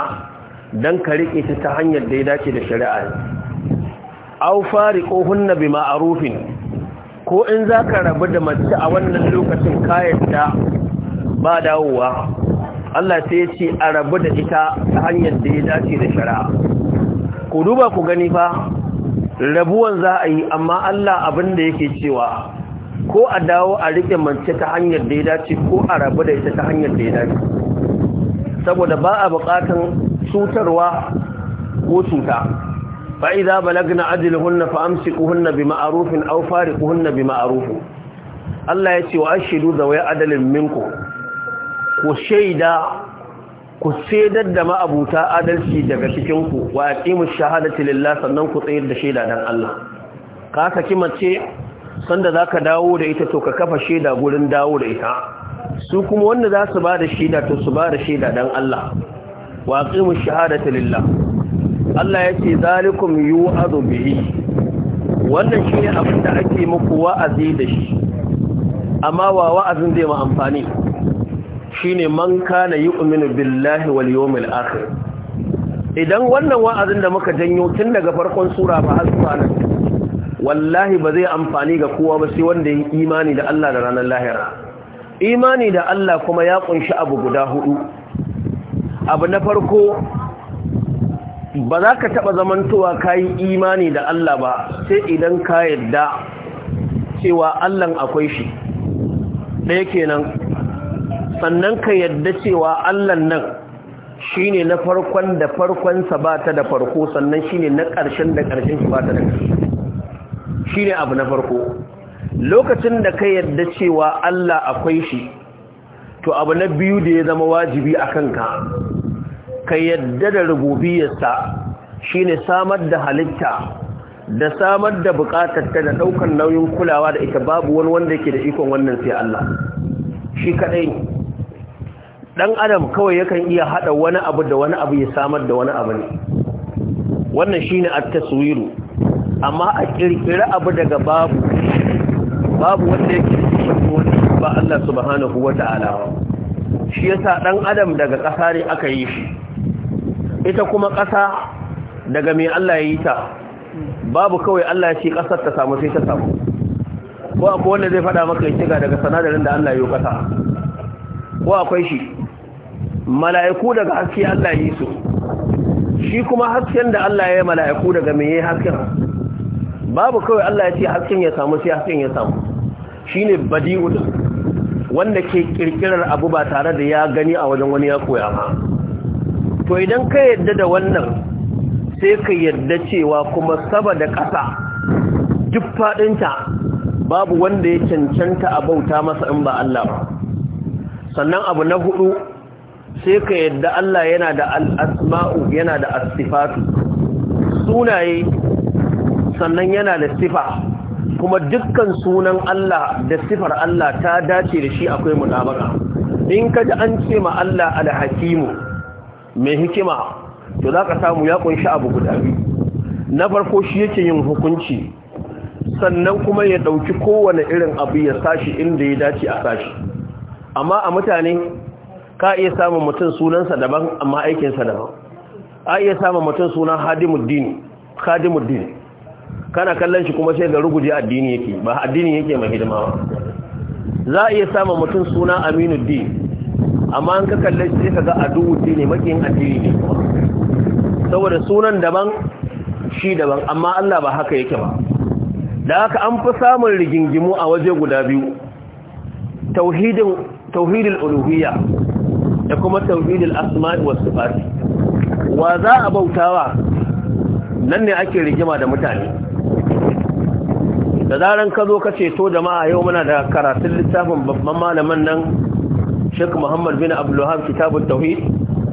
don ka riƙe ta ta hanyar da ya dace da shari'a au fari ko hunna bi ma'arufin ko in za ka rabu da mace a wannan lokacin kayan da ba dawowa Allah sai ya ce a rabu da ita ta hanyar da ya dace da shari'a ku duba ku gani fa rabuwan za a yi amma Allah abin da yake cewa ko a dawo a riƙe mance ta hanyar da ya dace ko a rabu da ita ta hanyar da ya dace saboda ba a buƙatar cutarwa ko cuta fa'iza balagna ajaluhunna fa amsikuhunna bi ma'arufin aw fariquhunna bi ma'arufin Allah ya ce wa ashidu zawai adalin minku ku shaida ku sedar da ma'abuta adalci daga cikinku wa mu shahadati lillah sannan ku tsayar da shaida dan Allah ka saki mace sanda zaka dawo da ita to ka kafa shaida gurin dawo da ita su kuma wanda za su ba da shaida to su ba da shaida dan Allah wa aqimu shahadati lillah Allah yace zalikum azo bihi wannan shine abin da ake muku wa'azi da shi amma wa wa'azin zai ma amfani shine man kana yu'minu billahi wal yawmil akhir idan wannan wa'azin da muka janyo tun daga farkon sura ba har zuwa nan wallahi ba zai amfani ga kowa ba sai wanda ya imani da Allah da ranar lahira imani da Allah kuma ya kunshi abu guda hudu abu na farko ba za ka taɓa zamantowa ka yi imani da Allah ba sai idan ka yarda cewa Allah akwai shi ɗaya kenan sannan ka yadda cewa Allah nan shine na farkon da farkon da farko sannan shine na ƙarshen da ƙarshen shi ba ta da Shi ne abu na farko lokacin da ka yadda cewa Allah akwai shi to abu na biyu da ya zama wajibi a kanka ka yadda da rububiyarsa shine samar da halitta da samar da bukatarta da ɗaukar nauyin kulawa da ita babu wani wanda yake da ikon wannan sai Allah shi kaɗai. dan adam kawai yakan iya hada wani abu da wani abu ya samar da wani abu ne wannan shine at-taswiru amma a kirkira abu daga babu babu wanda yake wani ba Allah subhanahu wata'ala shi yasa dan adam daga ƙasa ne aka yi shi ita kuma ƙasa daga mai Allah ya yi ta babu kawai Allah ya ce ƙasar ta samu sai ta samu ko akwai wanda zai faɗa maka ya shiga daga sanadarin da Allah ya yi ƙasa ko akwai shi mala'iku daga haske Allah yi su shi kuma hasken da Allah ya yi mala'iku daga ya yi hasken babu kawai Allah ya ce hasken ya samu sai hasken ya samu shi shine badi'ul wanda ke kirkirar abu ba tare da ya gani a wajen wani ya koya ma. to idan ka yadda da wannan sai ka yadda cewa kuma saba da ƙasa duk faɗinta babu wanda ya cancanta a bauta masa in ba Allah ba sannan abu na hudu sai ka yadda Allah yana da al'asma'u yana da asifatu sunaye sannan yana da sifa kuma dukkan sunan Allah da sifar Allah ta dace da shi akwai mutabaka in ka ji an ce ma Allah alhakimu mai hikima to za ka samu ya kunshi abu guda biyu na farko shi yake yin hukunci sannan kuma ya ɗauki kowane irin abu ya sashi inda ya dace a sashi amma a mutane ka iya samun mutum sunansa daban amma aikinsa daban a iya samun mutum sunan hadimuddin hadimuddin kana kallon shi kuma sai ga ruguje addini yake ba addini yake mai hidima ba za a iya samun mutum suna aminuddin amma an ka kallon shi sai ka ga adu'uddin ne makin addini ne saboda sunan daban shi daban amma Allah ba haka yake ba da haka an fi samun rigingimu a waje guda biyu tauhidin tauhidul uluhiyya da kuma tauhidul asma'i was sifat wa za a bautawa nan ne ake rigima da mutane da zaran ka zo ka ceto to jama'a yau muna da karatun littafin babban malamin nan Sheikh Muhammad bin Abdul Wahhab tauhid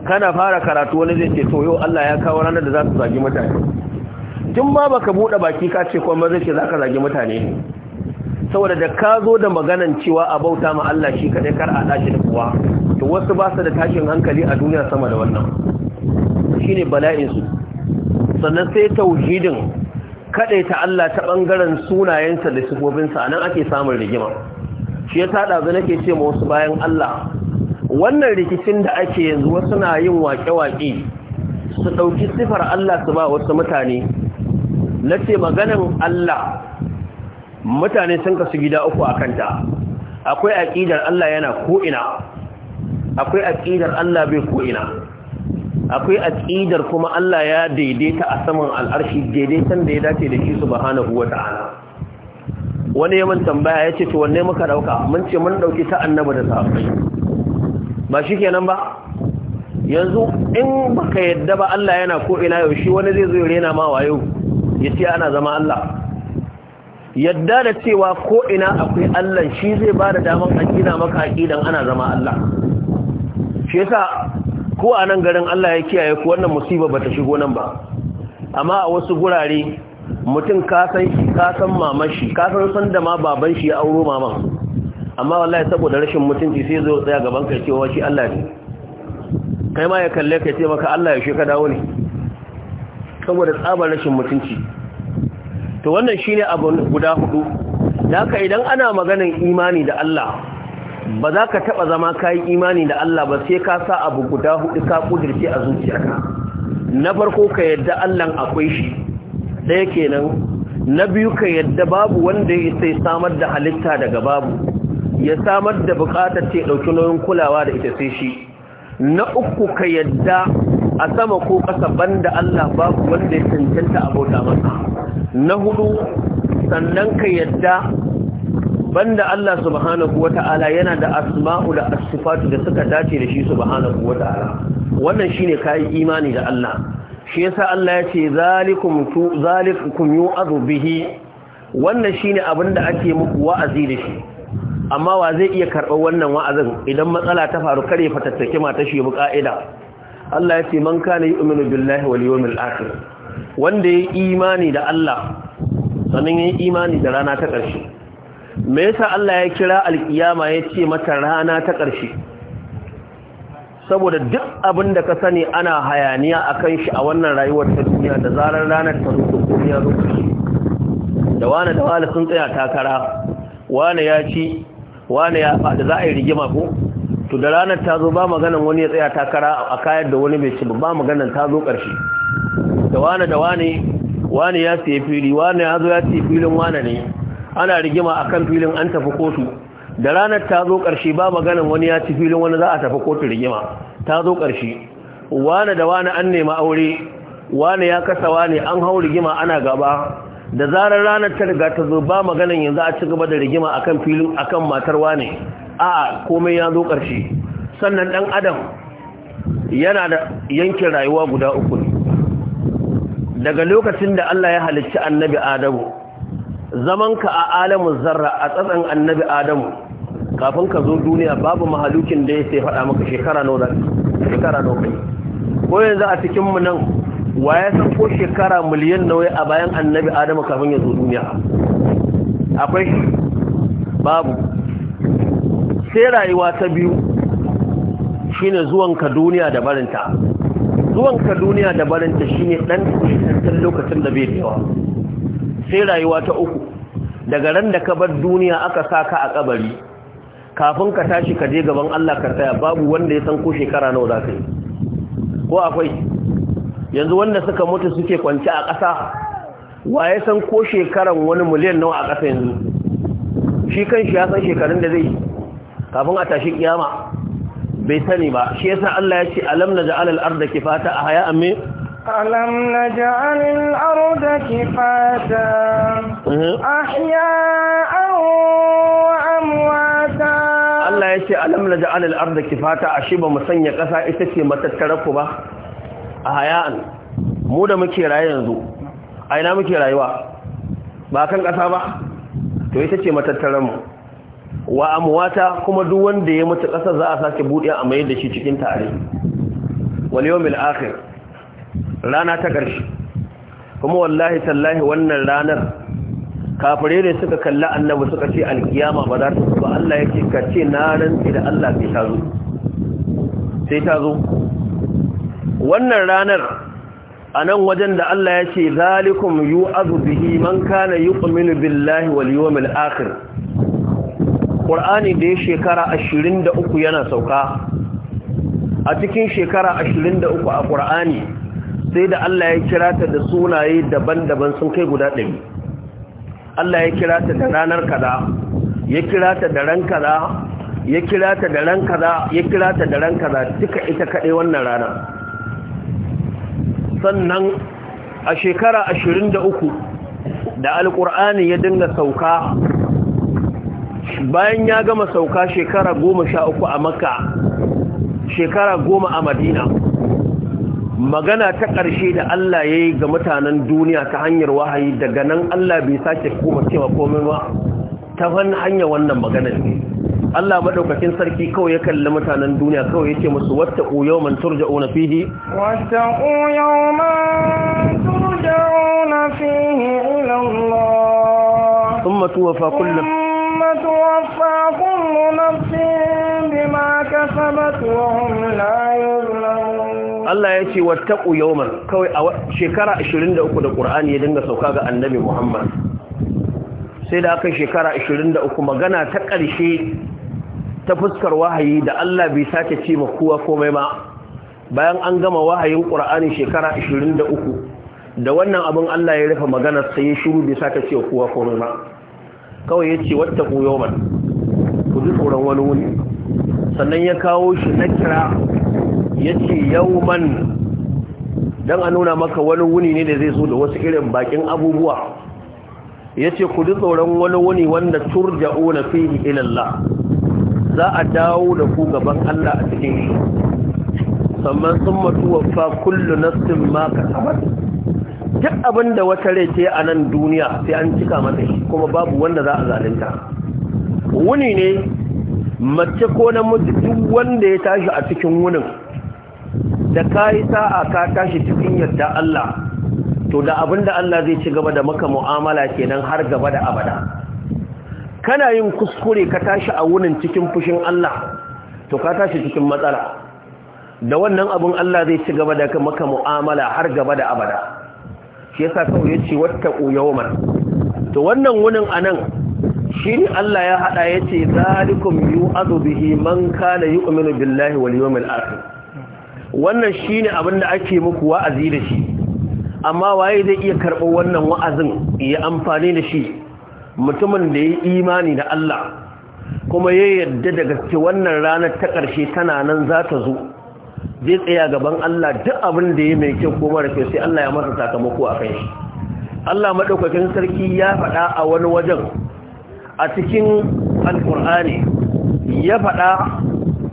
kana fara karatu wani zai ce yau Allah ya kawo ranar da za su zagi mutane tun ba baka buɗe baki ka ce kuma zai ce zaka zagi mutane saboda da ka zo da maganan cewa a bauta ma Allah shi kaɗai kar a dashi da kuwa to wasu ba su da tashin hankali a duniya sama da wannan shine bala'in su sannan sai tauhidin ta Allah ta bangaren sunayensa da sifofinsa a nan ake samun rigima shi ya taɗa nake ce ma wasu bayan Allah wannan rikicin da ake yanzu wasu na yin waƙe-waƙe su dauki sifar Allah su ba wasu mutane na ce maganin Allah mutane sun kasu gida uku a kanta akwai aƙidar Allah yana ko'ina akwai aƙidar Allah bai ko'ina akwai aƙidar kuma Allah ya daidaita a saman al'arshi daidaitan da ya dace da shi subhanahu huwa ta'ala wani yaman tambaya ya ce to wanne muka dauka mun ce mun dauki ta annaba da sahabbai ba shi kenan ba yanzu in baka yadda ba Allah yana ko'ina yau shi wani zai zo rena ma wayo ya ce ana zama Allah yadda da cewa ko ina akwai Allah shi zai ba da damar aƙida maka aƙidan ana zama Allah shi yasa ko a nan garin Allah ya kiyaye ku wannan musiba bata shigo nan ba amma a wasu gurare mutum ka san shi ka san maman shi ka san san da ma baban shi ya auro maman amma wallahi saboda rashin mutunci sai zo tsaya gaban kai cewa shi Allah ne kai ma ya kalle ka ce maka Allah ya shi ka dawo ne saboda tsabar rashin mutunci to wannan shine abu guda hudu haka idan ana maganin imani da Allah ba za ka taba zama kai imani da Allah ba sai ka sa abu guda hudu ka kudirce a zuciyarka na farko ka yadda Allah akwai shi ɗaya kenan na biyu ka yadda babu wanda ya sai samar da halitta daga babu ya samar da bukatar ce dauki nauyin kulawa da ita sai shi na uku ka yadda a sama ko kasa banda Allah babu wanda ya cancanta abota masa na hudu sannan ka yadda banda Allah subhanahu wata'ala yana da asma'u da asifatu da suka dace da shi subhanahu wata'ala wannan shine kai imani da Allah shi yasa Allah ya ce zalikum tu zalikum yu'adhu bihi wannan shine abinda ake muku wa'azi da shi amma wa zai iya karɓar wannan wa'azin idan matsala ta faru kare fatattake mata shi bu ka'ida Allah ya ce man kana yu'minu billahi wal yawmil akhir wanda ya imani da Allah sannan ya imani da rana ta ƙarshe me yasa Allah ya kira alkiyama ya ce mata rana ta ƙarshe saboda duk abin da ka sani ana hayaniya a kan shi a wannan rayuwar ta duniya da zarar ranar ta rufe duniya lokaci da wane da wane sun tsaya takara wane ya ci wane ya faɗi za a yi rigima ko to da ranar ta zo ba maganan wani ya tsaya takara a kayar da wani bai ci ba maganan ta zo ƙarshe da wane da wane wane ya ce fili wane ya zo ya ce filin wane ne ana rigima akan filin an tafi kotu da ranar ta zo ƙarshe ba maganin wani ya ci filin wani za a tafi kotu rigima ta zo ƙarshe wane da wane an nema aure wane ya kasa wane an hau rigima ana gaba da zarar ranar ta riga ta zo ba maganin yanzu a ci gaba da rigima akan filin akan matar wane a komai ya zo ƙarshe sannan ɗan adam yana da yankin rayuwa guda uku daga lokacin da Allah ya halicci annabi Adamu zamanka a alamu zarra a tsatsan annabi Adamu kafin ka zo duniya babu mahalukin da ya sai faɗa maka shekara nawa shekara ko yanzu a cikin munan nan wa ya san ko shekara miliyan nauyi a bayan annabi Adamu kafin ya zo duniya akwai babu sai rayuwa ta biyu shine zuwanka duniya da barinta Zuwan ka duniya da barinta shine dan tsantan lokacin da bai yawa sai rayuwa ta uku daga ran da ka bar duniya aka sa ka a kabari kafin ka tashi ka je gaban Allah ka tsaya babu wanda ya san ko shekara nawa za ka yi ko akwai yanzu wanda suka mutu suke kwance a ƙasa Wa ya san ko shekaran wani miliyan nawa a ƙasa yanzu shi kanshi ya san shekarun da zai kafin a tashi kiyama bai sani ba shi yasa Allah ya ce alam naj'al al-ardha kifata ahya amme alam naj'al al-ardha kifata uh-huh. ahya amwata Allah ya ce alam naj'al al-ardha kifata ashi ba mu sanya kasa ita ce matattara ku ba an mu da muke raye yanzu a ina muke rayuwa ba kan kasa ba to ita ce matattaran mu wa amwata kuma duk wanda ya mutu ƙasa za a sake buɗe a mayar da shi cikin tare wal yawmil akhir rana ta ƙarshe kuma wallahi tallahi wannan ranar kafirai ne suka kalli annabi suka ce alkiyama ba za ta zo ba Allah yake ka ce na rantsi da Allah sai ta zo sai ta zo wannan ranar a nan wajen da Allah ya ce zalikum yu'azu bihi man kana yu'minu billahi wal yawmil akhir Alƙur'ani da ya shekara ashirin da uku yana sauka a cikin shekara ashirin da uku a ƙur'ani sai da Allah ya kira ta da sunaye daban-daban sun kai guda ɗari Allah ya kira ta da ranar kaza ya kira ta da ran kaza ya kira ta da ran kaza ya kira ta da ran kaza duka ita kaɗai wannan rana sannan a shekara ashirin da uku da alƙur'ani ya dinga sauka bayan ya gama sauka shekara goma sha uku a makka shekara goma a madina magana ta ƙarshe da Allah ya yi ga mutanen duniya ta hanyar wahayi daga nan Allah bai sake kuma cewa komai ba ta hanyar wannan maganar ne Allah maɗaukacin sarki kawai ya kalli mutanen duniya kawai ya ce musu wata ƙoyo man ona fihi wata ƙoyo man ona fihi ila Allah توفى كل نفس بما كسبت وهم لا يظلمون الله يتي واتقوا يوما كوي شكرا 23 da Qur'ani ya dinga sauka ga Annabi Muhammad sai da aka shekara 23 magana ta ƙarshe ta fuskar wahayi da Allah bai sake ce ma kowa komai ba bayan an gama wahayin Qur'ani shekara 23 da wannan abin Allah ya rufe magana sai ya shiru bai sake ce kowa komai ba kawai ya ce wata ƙoyoman ku ji tsoron wani wuni sannan ya kawo shi na kira ya ce yau man don a nuna maka wani wuni ne da zai so da wasu irin bakin abubuwa ya ce ku ji tsoron wani wuni wanda turja na fi ilallah za a dawo da ku gaban Allah a cikin shi sannan sun matuwa fa kullu nassin ma kasabat duk abin da wata rai ce a nan duniya sai an cika mata shi kuma babu wanda za a zalunta wuni ne mace ko namiji duk wanda ya tashi a cikin wunin da ka yi sa'a ka tashi cikin yadda Allah to da abin da Allah zai ci gaba da maka mu'amala kenan har gaba da abada kana yin kuskure ka tashi a wunin cikin fushin Allah to ka tashi cikin matsala da wannan abin Allah zai ci gaba da maka mu'amala har gaba da abada shi yasa kawai ya ce wata yawman to wannan wunin anan shine Allah ya hada yace zalikum yu'adhu bihi man kana yu'minu billahi wal yawmil akhir wannan shine abin da ake muku wa'azi da shi amma waye zai iya karɓo wannan wa'azin ya amfani da shi mutumin da ya imani da Allah kuma ya yarda da gaske wannan ranar ta ƙarshe tana nan za ta zo zai tsaya gaban Allah duk abin da ya mai kyau ko mara kyau sai Allah ya masa sakamako a kai Allah madaukakin sarki ya faɗa a wani wajen a cikin alkur'ani ya faɗa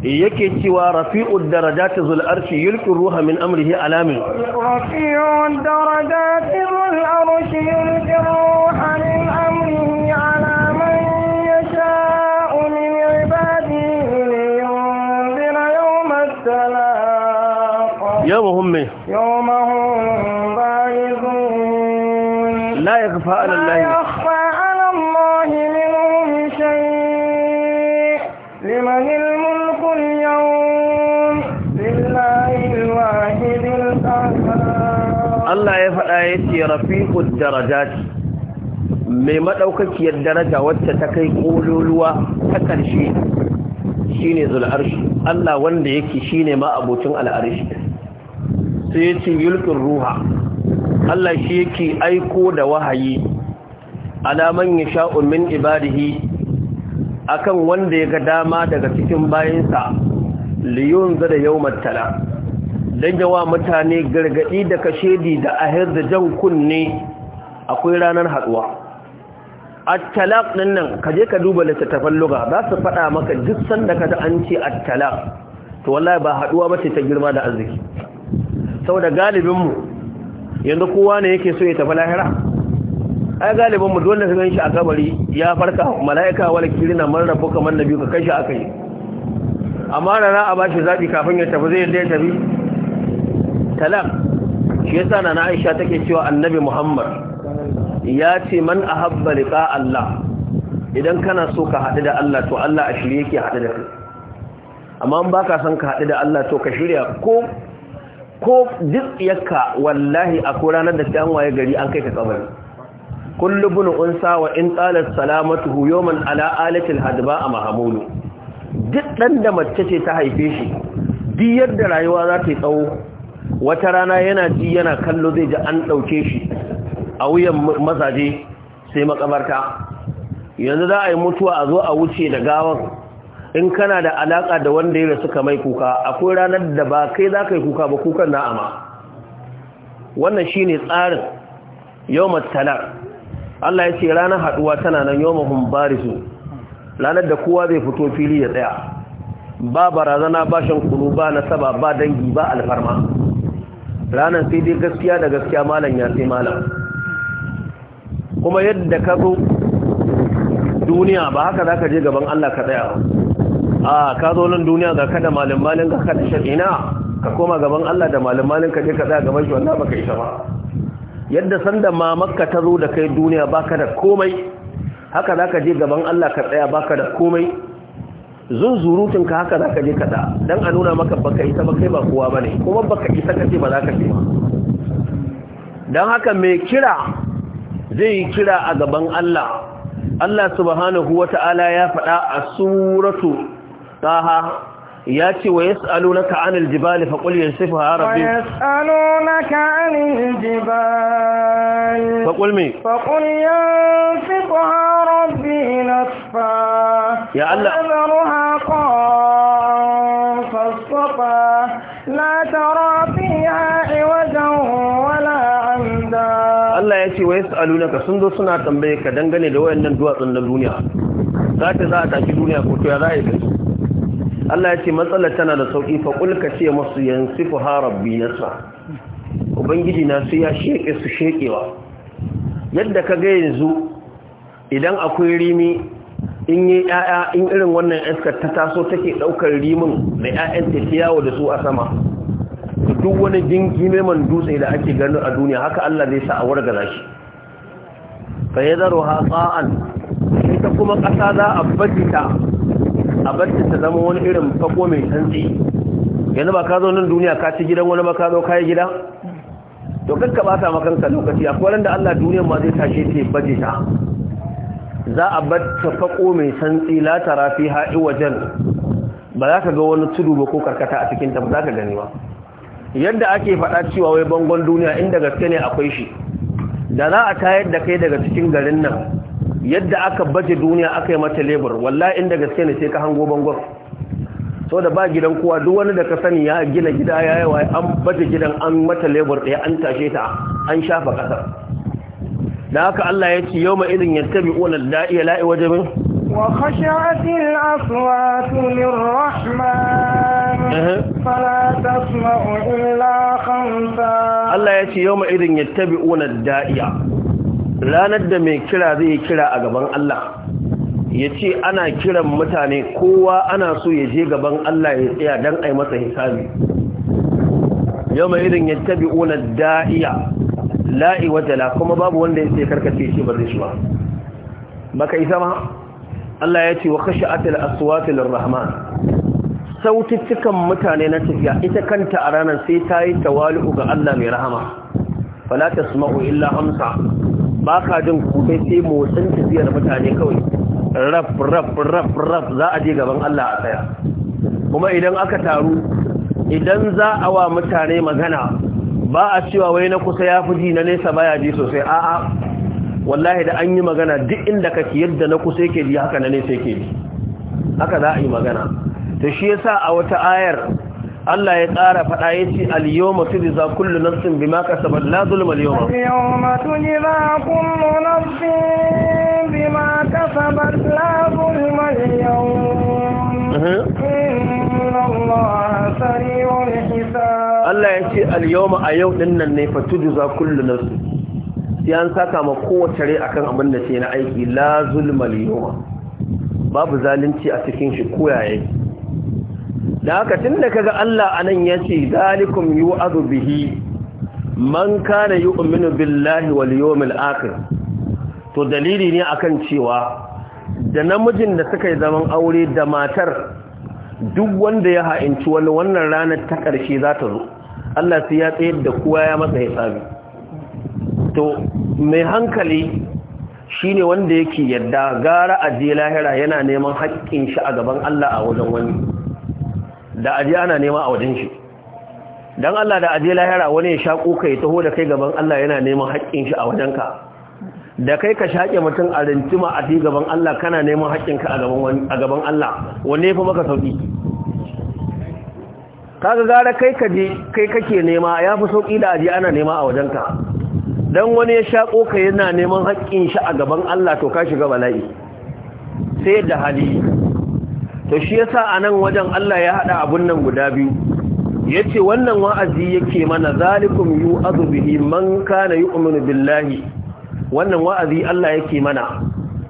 yake cewa rafi'ud darajati zul arshi yulqi ruha min amrihi alamin rafi'ud darajati zul arshi yulqi ruha min amrihi alamin yasha'u min ibadihi لينذر يوم السلام yawmahum min yawmahum barizun la yakhfa liman al-mulku al-yawm lillahi ya faɗa yace rafiqud darajat mai madaukakiyar daraja wacce ta kai kololuwa ta ƙarshe shi ne arshi Allah wanda yake shine ma abokin al'arshi sai ya ce yulkin ruha Allah shi yake aiko da wahayi alaman ya sha'un min ibadihi akan wanda ya ga dama daga cikin bayansa liyun zada yau matala don yawa mutane gargaɗi da kashedi da ahir da jan kunne akwai ranar haɗuwa attalaq ɗin nan ka je ka duba littattafan luga za su faɗa maka duk sanda ka ta an ce attalaq to wallahi ba haɗuwa ba ce ta girma da arziki saboda galibinmu yanzu kowa ne yake so ya tafi lahira ai galibinmu dole ka ganshi a kabari ya farka mala'ika wala kirina marrabu kamar nabi ka kai aka yi amma rana a bashi zaɓi kafin ya tafi zai yadda ya tafi talak shi yasa na na aisha take cewa annabi muhammad ya ce man ahabba liqa allah idan kana so ka haɗu da allah to allah a shirye yake haɗu da kai amma in baka son ka haɗu da allah to ka shirya ko ko duk yakka wallahi a ranar da an waye gari an kai ka kabari kullu bunu unsa wa in talat salamatuhu yawman ala alati alhadba mahmulu duk dan da mace ce ta haife shi duk da rayuwa za ta yi tsawo wata rana yana ji yana kallo zai ji an dauke shi a wuyan mazaje sai makabarta yanzu za a yi mutuwa a zo a wuce da gawan in kana da alaka da wanda ya suka mai kuka akwai ranar da ba kai za ka yi kuka ba kukan na'ama wannan shi ne tsarin yawon talar Allah ya ce ranar haduwa tana nan yawon barisu ranar da kowa zai fito fili ya tsaya ba barazana ba shan kunu ba nasaba ba dangi ba alfarma ranar sai dai gaskiya da gaskiya malam ya sai malam kuma yadda ka zo duniya ba haka za ka je gaban Allah ka tsaya ba a ka zo nan duniya ga kada malam malin ga kada shar'ina ka koma gaban Allah da malam malin ka je ka tsaya gaban shi wannan baka isa ba yadda sanda mamakka ta zo da kai duniya baka da komai haka zaka je gaban Allah ka tsaya baka da komai zunzurutun ka haka zaka je kada dan a nuna maka baka isa ba kai ba kowa bane kuma baka isa ka ce ba zaka ce ba dan haka mai kira zai yi kira a gaban Allah Allah subhanahu wa ta'ala ya faɗa a suratu taha ya ce wa yasu alunaka anil jibali faƙul yansifu a harabi faƙul mai faƙul yansifu a harabi na tsfa ya Allah wa yasu alunaka sun zo suna tambaye ka dangane da wayannan duwatsun na duniya za za a tafi duniya ko tuya za a yi gasu Allah ya ce matsalar tana da sauƙi fa kulka ce masu yansifu ha rabbi nasra ubangiji na su ya sheke su shekewa yadda ka ga yanzu idan akwai rimi in yi ɗaya in irin wannan iskar ta taso take ɗaukar rimin da ƴaƴan ta yawo da su a sama duk wani jingime man dutse da ake gano a duniya haka Allah zai sa a wargaza shi fa ha tsa'an ita kuma ƙasa za a bajita a barci ta zama wani irin fako mai santsi yanzu ba ka zo nan duniya ka ci gidan wani ba ka zo kayi gida to kanka ba ta makanka lokaci a kwanan da Allah duniyar ma zai tashe ce baje ta za a barci fako mai santsi la tara fi ha'i wajen ba za ka ga wani tudu ba ko karkata a cikin ta ba za ka gani ba yadda ake faɗa cewa wai bangon duniya inda gaske ne akwai shi da za a tayar da kai daga cikin garin nan yadda aka baje duniya aka yi mata lebur wallahi inda gaske ne sai ka hango bangon so da ba gidan kowa duk wani da ka sani ya gina gida ya yawa an baje gidan an mata lebur ɗaya an tashe ta an shafa ƙasar da haka Allah ya ce yau ma irin ya tabi unar da'iya la'i waje min وخشعت الأصوات للرحمن فلا تسمع إلا خمسا الله يأتي يوم إذن يتبعون الدائية ranar da mai kira zai kira a gaban Allah ya ce ana kiran mutane kowa ana so ya je gaban Allah ya tsaya don a yi masa hisabi yau mai irin ya tabi una da'iya la'i wajala kuma babu wanda ya sai karkace shi ba zai shi ba baka isa ma Allah ya ce wa kashi atil aswatil rahman sautittukan mutane na tafiya ita kanta a ranar sai ta yi tawali'u ga Allah mai rahama fala tasma'u illa hamsa ba ka jin komai sai motsin tafiyar mutane kawai raf raf raf raf za a je gaban Allah a tsaya kuma idan aka taru idan za a wa mutane magana ba a cewa wai na kusa ya fi ji na nesa baya ji sosai a'a wallahi da an yi magana duk inda kake yadda na kusa yake ji haka na nesa yake ji haka za a yi magana ta shi yasa a wata ayar Allah ya tsara faɗa ya ce al-yawma tujza kullu nafsin bima kasabat la zulma al-yawma al-yawma tujza kullu nafsin bima kasabat la zulma al-yawma mhm. Allah ya ce al-yawma a yau din nan ne fa tujza kullu nafsin sai an saka ma kowace rai akan abin da sai na aiki la zulma al-yawma babu zalunci a cikin shi koyaye da haka tun da kaga Allah a nan ya yace zalikum yu'adu bihi man kana yu'minu billahi wal yawmil akhir to dalili ne akan cewa da namijin da suka yi zaman aure da matar duk wanda ya ha'inci wani wannan ranar ta ƙarshe za ta zo Allah sai ya tsayar da kowa ya masa hisabi to mai hankali shine wanda yake yadda gara aje lahira yana neman haƙƙin shi a gaban Allah a wajen wani da aje ana nema a wajen shi dan Allah da aje lahira wani ya shaƙo kai taho da kai gaban Allah yana neman haƙƙin shi a wajen ka da kai ka shaƙe mutum a rintima a fi gaban Allah kana neman ka a gaban Allah wanne ya fi maka sauƙi kaga gara kai ka je kai kake nema ya fi sauƙi da aji ana nema a wajen ka. don wani ya shaƙo ka yana neman haƙƙin shi a gaban Allah to ka shiga bala'i sai da hali to shi yasa a nan wajen Allah ya haɗa abun nan guda biyu ya ce wannan wa'azi yake mana zalikum yu azubihi man na yi umaru billahi wannan wa'azi Allah yake mana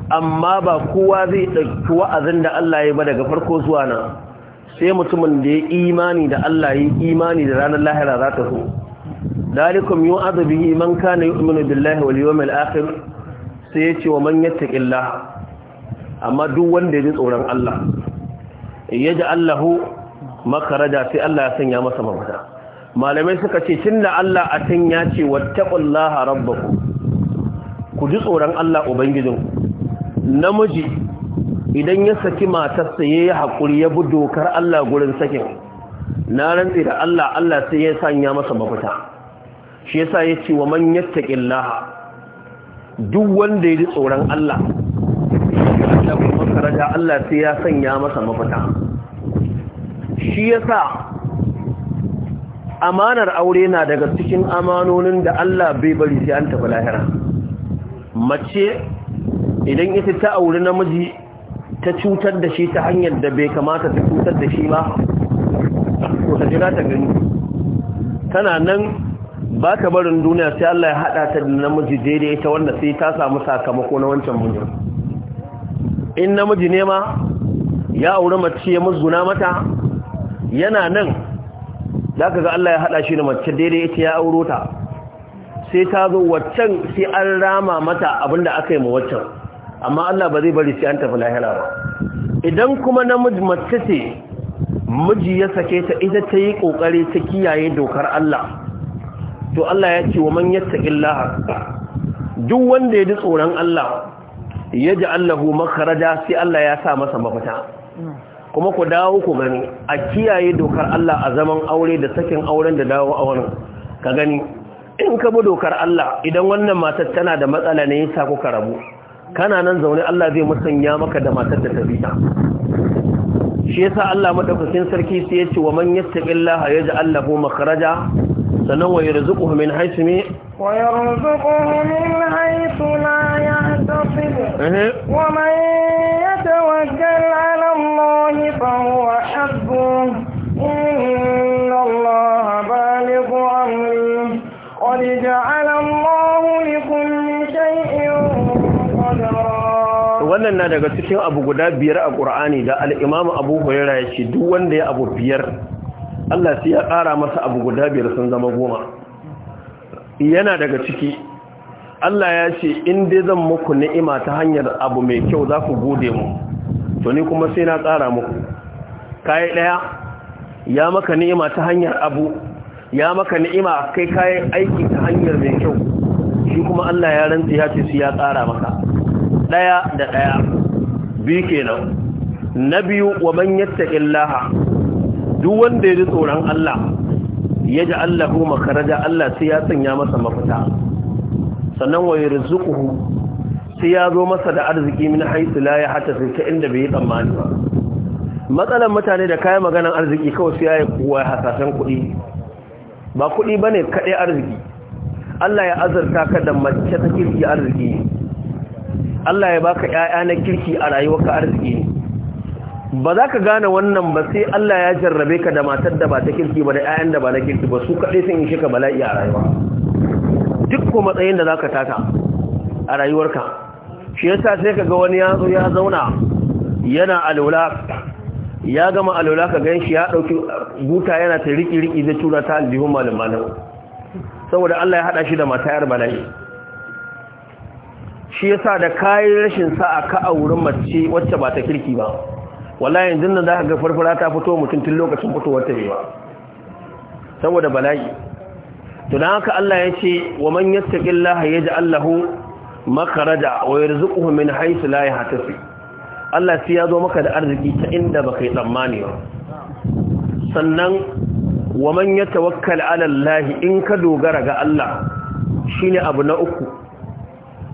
amma ba kowa zai ɗauki wa'azin da Allah ya ba daga farko zuwa nan sai mutumin da ya imani da Allah ya imani da ranar lahira za ta so zalikum yu azubihi man na yi umaru billahi liwa yawmil akhir sai ya ce wa man yattaqillah amma duk wanda ya ji tsoron Allah ji Allahu makaraja sai Allah ya sanya masa mafita malamai suka ce tun da Allah a can ya ce wattaqullaha rabbakum ku ji tsoron Allah ubangijin namiji idan ya saki matarsa yi hakuri ya bi dokar Allah gurin sakin na rantsi da Allah Allah sai ya sanya masa mafita shi yasa ce wa man laha duk wanda ya ji tsoron Allah makharaja Allah sai ya sanya masa mafata, shi yasa amanar aure na daga cikin amanonin da Allah bai bari sai an tafi lahira mace idan ita ta aure namiji ta cutar da shi ta hanyar da bai kamata ta cutar da shi ba ko ta jira ta gani tana nan ba ka barin duniya sai Allah ya hada ta da namiji daidai ita wanda sai ta samu sakamako na wancan mutum in namiji ne ma ya aure mace ya muzguna mata yana nan zaka ga Allah ya hada shi da mace daidai yake ya auro ta sai ta zo waccan sai an rama mata abinda aka yi ma waccan amma Allah ba zai bari sai an tafi lahira ba idan kuma namiji mace ce miji ya sake ta ita ta yi kokari ta kiyaye dokar Allah to Allah ya ce wa man yattaqillaha duk wanda ya ji tsoron Allah Yaji allahu makaraja sai Allah ya sa masa mafita kuma ku dawo ku gani a kiyaye dokar Allah a zaman aure da sakin auren da dawo a wani ka gani in ka bi dokar Allah idan wannan matar tana da matsala ne yasa ku rabu kana nan zaune Allah zai musanya maka da matar da ta bi ta shi yasa Allah madaukakin sarki sai ya ce wa man yattaqillaha yaj'al lahu makhraja sannan wa yarzuquhu min haythu ne wa yarzuquhu min haythu la yahtasib wa man yatawakkal 'ala Allah fa huwa hasbuh inna Allah baligh amri qad ja'ala Allah li kulli shay'in qadra wannan na daga cikin abu guda biyar a Qur'ani da al-Imam Abu Hurairah ya ce duk wanda ya abu biyar Allah sai ya ƙara masa abu guda biyar sun zama goma yana daga ciki Allah ya ce in dai zan muku ni'ima ta hanyar abu mai kyau za ku gode mu to ni kuma sai na ƙara muku kayi ɗaya ya maka ni'ima ta hanyar abu ya maka ni'ima kai kayan aiki ta hanyar mai kyau shi kuma Allah ya rantsi ya ce sai ya ƙara maka ɗaya da ɗaya biyu kenan na biyu wa man yattaqillaha duk wanda ya ji tsoron Allah ya ji Allah ko makaraja Allah sai ya sanya masa mafita sannan wa yarzuquhu sai ya zo masa da arziki min haythu la sai ta inda bai yi tsammani ba matsalan mutane da kayan maganan arziki kawai sai ya yi hasashen kuɗi ba kuɗi bane kaɗai arziki Allah ya azurta ka da mace ta kirki arziki Allah ya baka ƴaƴa na kirki a rayuwarka arziki ba za ka gane wannan ba sai Allah ya jarrabe ka da matar da ba ta kirki ba da 'ya'yan da ba na kirki ba su kaɗai sun shi ka bala'i a rayuwa duk ko matsayin da za ka taka a rayuwarka shi ya sa sai ka ga wani ya ya zauna yana alula ya gama alula ka gan shi ya ɗauki buta yana ta riki-riki zai tura ta aljihun malam saboda Allah ya haɗa shi da matayar bala'i shi ya sa da kayan rashin sa'a ka a wurin mace wacce ba ta kirki ba wallahi yanzu na za ka ga farfara ta fito mutum tun lokacin fitowar ta yawa saboda bala'i to dan haka Allah ya ce wa man yattaqillaha yaj'al lahu makaraja wa yarzuquhu min haythu la yahtasib Allah sai ya zo maka da arziki ta inda baka yi tsammani ba sannan wa man yatawakkal ala Allah in ka dogara ga Allah shine abu na uku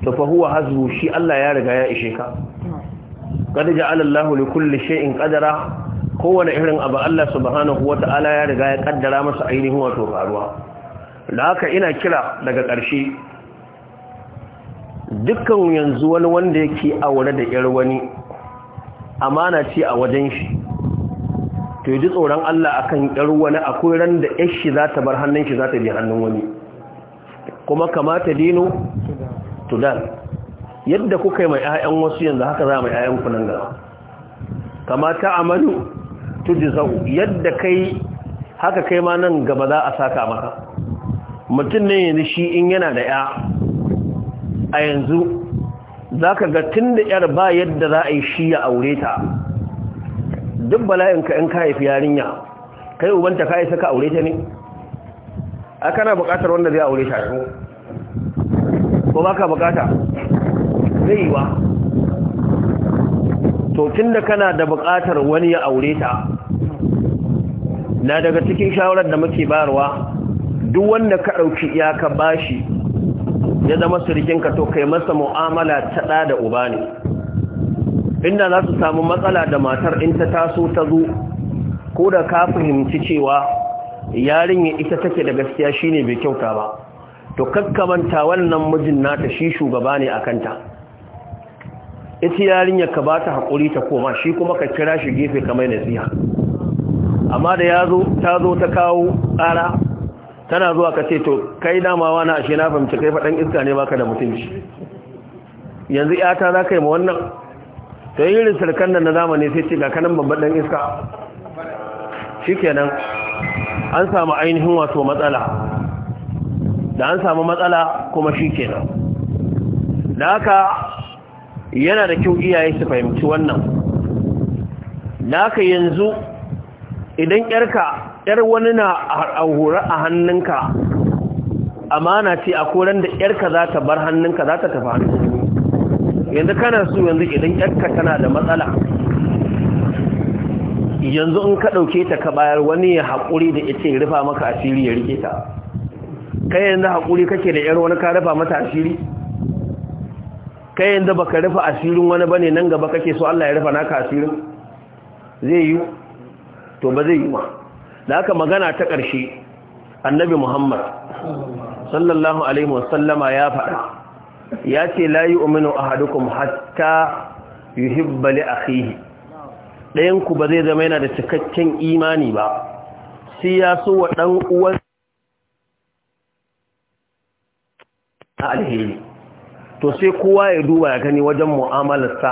to fa huwa shi Allah ya riga ya ishe ka Kadija ja'ala Allahu kulle kulli in kadara kowane irin abu Allah subhanahu wata'ala ya riga ya kaddara masa ainihin wato faruwa da haka ina kira daga ƙarshe dukkan yanzu wani wanda yake aure da yar wani amana ce a wajen shi to yi tsoron Allah akan yar wani akwai ran da yar shi za ta bar hannun shi za ta bi hannun wani kuma kamata dino to dan yadda kuka yi mai 'ya'yan wasu yanzu haka za mai 'ya'yan ku nan gaba kama ta amalu zau yadda kai haka kai ma nan gaba za a saka maka mutum ne yanzu shi in yana da 'ya a yanzu Za ka ga tun da 'yar ba yadda za a yi shi ya aure ta duk bala'inka in ka haifi yarinya kai ubanta ka isa ka aure ta ne a kana bukatar wanda zai aure ta ko ba ka bukata zai yi wa to tun da kana da buƙatar wani ya aure ta na daga cikin shawarar da muke bayarwa duk wanda ka ɗauki iyaka bashi ya zama surikinka to kai masa mu'amala ta ɗa da uba ne inda za su samu matsala da matar in ta taso ta zo ko da ka fahimci cewa yarinya ita take da gaskiya shine bai kyauta ba to kakkamanta wannan mijin nata shi shugaba ne a kanta ita yarinyar ka ba ta haƙuri ta koma shi kuma ka kira shi gefe kamar nasiha amma da ya zo ta zo ta kawo ƙara tana zuwa ka ce to kai damawa na ashe na fahimci kai faɗan iska ne baka da mutunci yanzu yata za ka yi ma wannan ta yi sarkar nan na zamani sai ce ga kanan babban ɗan iska shi kenan an samu ainihin wato matsala da an samu matsala kuma shi kenan da aka yana da kyau iyaye su fahimci wannan naka yanzu idan yarka yar wani na hura a hannunka amana ce a koran da yarka za ta bar hannunka za ta tafi hannunka yanzu kana su yanzu idan yarka tana da matsala yanzu in ka ɗauke ta ka bayar wani ya haƙuri da ita rufa maka asiri ya rike ta kai yanzu haƙuri kake da yar wani ka rufa mata asiri kai yanzu baka rufe asirin wani bane nan gaba kake so Allah ya rufe naka asirin zai yi to ba zai yi ma da haka magana ta ƙarshe annabi Muhammad sallallahu alaihi wasallama ya faɗa ya ce la yu'minu ahadukum hatta yuhibba li akhihi ɗayan ku ba zai zama yana da cikakken imani ba sai ya so wa dan uwan alheri to sai kowa ya duba ya gani wajen mu'amalarsa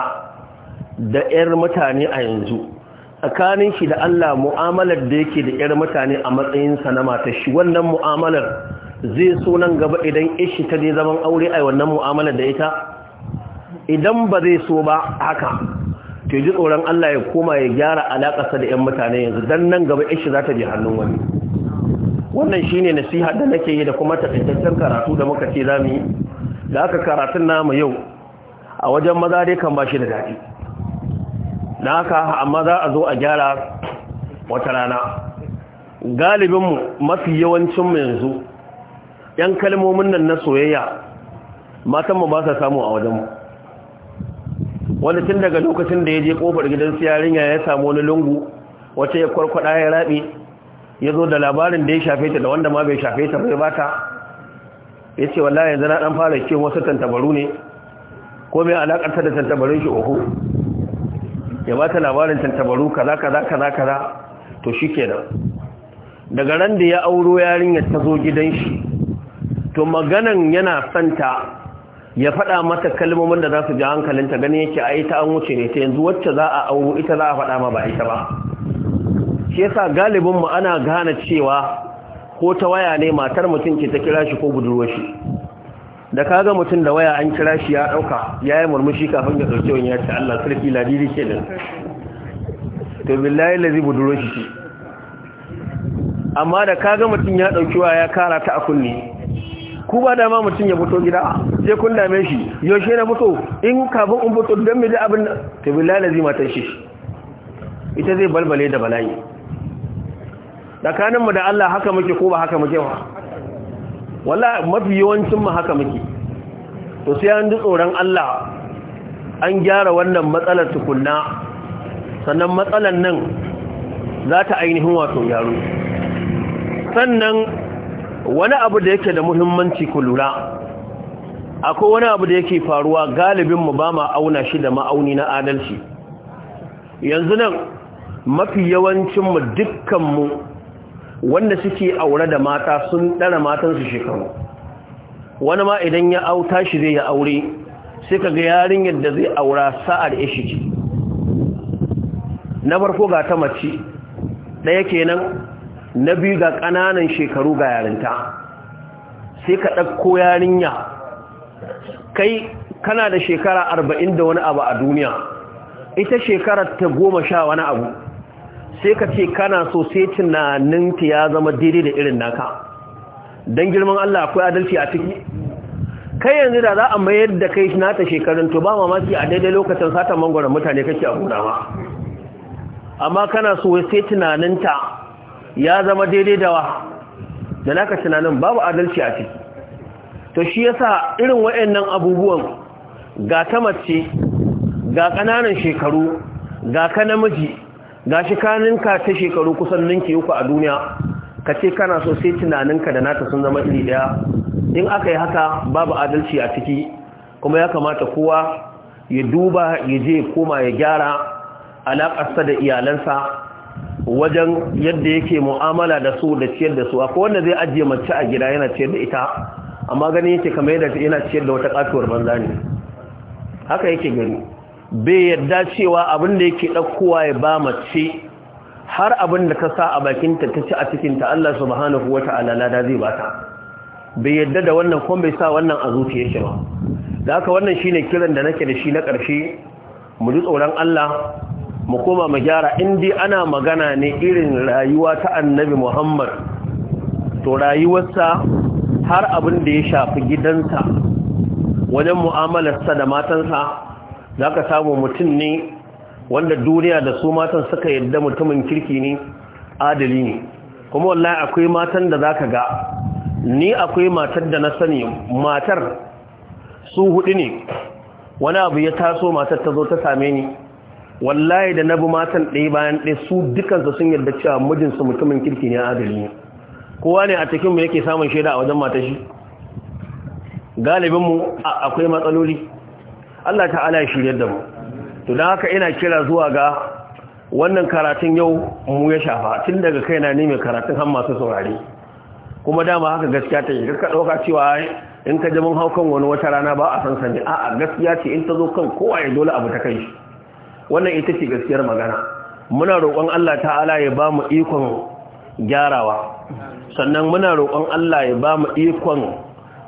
da 'yar mutane a yanzu tsakanin shi da Allah mu'amalar da yake da 'yar mutane a matsayinsa na matar shi wannan mu'amalar zai so nan gaba idan ishi ta je zaman aure a wannan mu'amalar da ita idan ba zai so ba haka to ji tsoron Allah ya koma ya gyara sa da 'yan mutane yanzu don nan gaba ishi za ta je hannun wani wannan shine nasiha da nake yi da kuma takaitaccen karatu da muka ce za mu yi da aka karatun namu yau a wajen maza dai kan bashi da daɗi na haka amma za a zo a gyara wata rana galibinmu mafi yawancinmu yanzu ‘yan kalmomin nan na soyayya matanmu ba sa samu a wajenmu wanda tun daga lokacin da ya je kofar gidan yarinya ya samu wani lungu wacce ya kwarkwada ya raɓe ya zo da labarin da ya shafe ta da wanda ma bai shafe ta bai bata ya ce wallahi yanzu na ɗan fara cewa wasu tantabaru ne ko mai alaƙarta da tantabarun shi uku ya ba ta labarin tantabaru kaza kaza kaza kaza to shi ke nan daga ran da ya auro yarinyar ta zo gidan shi to maganan yana santa ya faɗa mata kalmomin da za su ji hankalinta ganin yake a ita an wuce ne ta yanzu wacce za a auro ita za a faɗa ma ba ita ba shi yasa galibinmu ana gane cewa ko ta waya ne matar mutum ke ta kira shi ko budurwa shi da kaga mutum da waya an kira shi ya dauka yi murmushi kafin ya dauke wani ya ce Allah sarki da kenan to billahi lazi budurwa shi amma da kaga mutum ya dauki waya ya kara ta a kunne ku ba dama mutum ya fito gida sai kun dame shi yaushe na fito in kafin in fito don mu ji abin to billahi lazi matar shi ita zai balbale da bala'i tsakaninmu da Allah haka muke ko ba haka muke ba Wala mafi yawancin haka muke to sai an ji tsoron Allah an gyara wannan matsalar tukunna sannan matsalar nan za ta ainihin wato yaro sannan wani abu da yake da muhimmanci ku lura akwai wani abu da yake faruwa galibin mu ba ma auna shi da ma'auni na adalci yanzu nan mafi yawancin mu dukkan wanda suke aure da mata sun ɗara matansu shekaru wani ma idan ya auta shi zai ya aure sai ka ga yarinyar da zai aura sa'ar ya ce. na farko ga ta mace ɗaya kenan na biyu ga ƙananan shekaru ga yarinta sai ka ɗauko yarinya kai kana da shekara arba'in da wani abu a duniya ita shekarar ta goma sha wani abu sai ka ce kana so sai tunaninka ya zama daidai da irin naka don girman Allah akwai adalci a ciki kai yanzu da za a mayar da kai nata shekarun to ba mamaki a daidai lokacin sata mangwaron mutane kake a gudawa amma kana so sai tunaninta ya zama daidai dawa da naka tunanin babu adalci a ciki to shi yasa irin waɗannan abubuwan ga ta mace ga kananan shekaru ga ka namiji gashi ka ninka ta shekaru kusan ninki uku a duniya ka ce kana so sai tunaninka da nata sun zama iri daya in aka yi haka babu adalci a ciki kuma ya kamata kowa ya duba ya je koma ya gyara alaƙarsa da iyalansa wajen yadda yake mu'amala da su da ciyar da su a wanda zai ajiye mace a gida yana ciyar da ita amma gani yake kamar yadda yana ciyar da wata katuwar banza ne haka yake gani bai yadda cewa abin da yake ɗaukowa ya ba mace har abin da ka sa a bakinta ta ci a cikinta Allah subhanahu wa ta'ala lada zai ba ta bai yadda da wannan kuma bai sa wannan a zuciya shi ba da haka wannan shi ne kiran da nake da shi na ƙarshe mu ji tsoron Allah mu koma mu gyara indi ana magana ne irin rayuwa ta annabi Muhammad to rayuwarsa har abin da ya shafi gidansa wajen mu'amalarsa da matansa za ka samu mutum ne wanda duniya da su matan suka yadda mutumin kirki ne adali ne kuma wallahi akwai matan da za ka ga ni akwai matar da na sani matar su hudu ne wani abu ya taso matar ta zo ta same ni wallahi da na bi matan ɗaya bayan ɗaya su dukansu sun yarda cewa mijinsu mutumin kirki ne adali ne kowa ne a cikinmu yake samun shaida a wajen matashi galibinmu akwai matsaloli Allah ta'ala ya shirye da mu to dan haka ina kira zuwa ga wannan karatun yau mu ya shafa tun daga kaina ne mai karatun har masu saurare kuma dama haka gaskiya ta yi ka dauka cewa in ka jamin haukan wani wata rana ba a san sani a'a gaskiya ce in ta zo kan kowa ya dole abu ta kai shi wannan ita ce gaskiyar magana muna roƙon Allah ta'ala ya ba mu ikon gyarawa sannan muna roƙon Allah ya ba mu ikon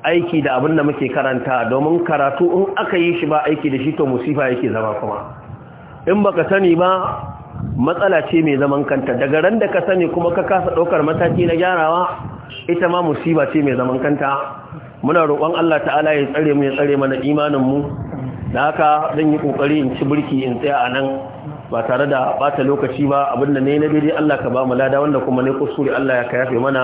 aiki da abin da muke karanta domin karatu in aka yi shi ba aiki da shi to musifa yake zama kuma in baka sani ba matsala ce mai zaman kanta daga ran da ka sani kuma ka kasa ɗaukar mataki na gyarawa ita ma musiba ce mai zaman kanta muna roƙon Allah ta'ala ya tsare mu ya tsare mana imanin mu da haka zan yi kokari in ci burki in tsaya a nan ba tare da bata lokaci ba abinda ne na daidai Allah ka ba mu lada wanda kuma ne kusuri Allah ya kayafe mana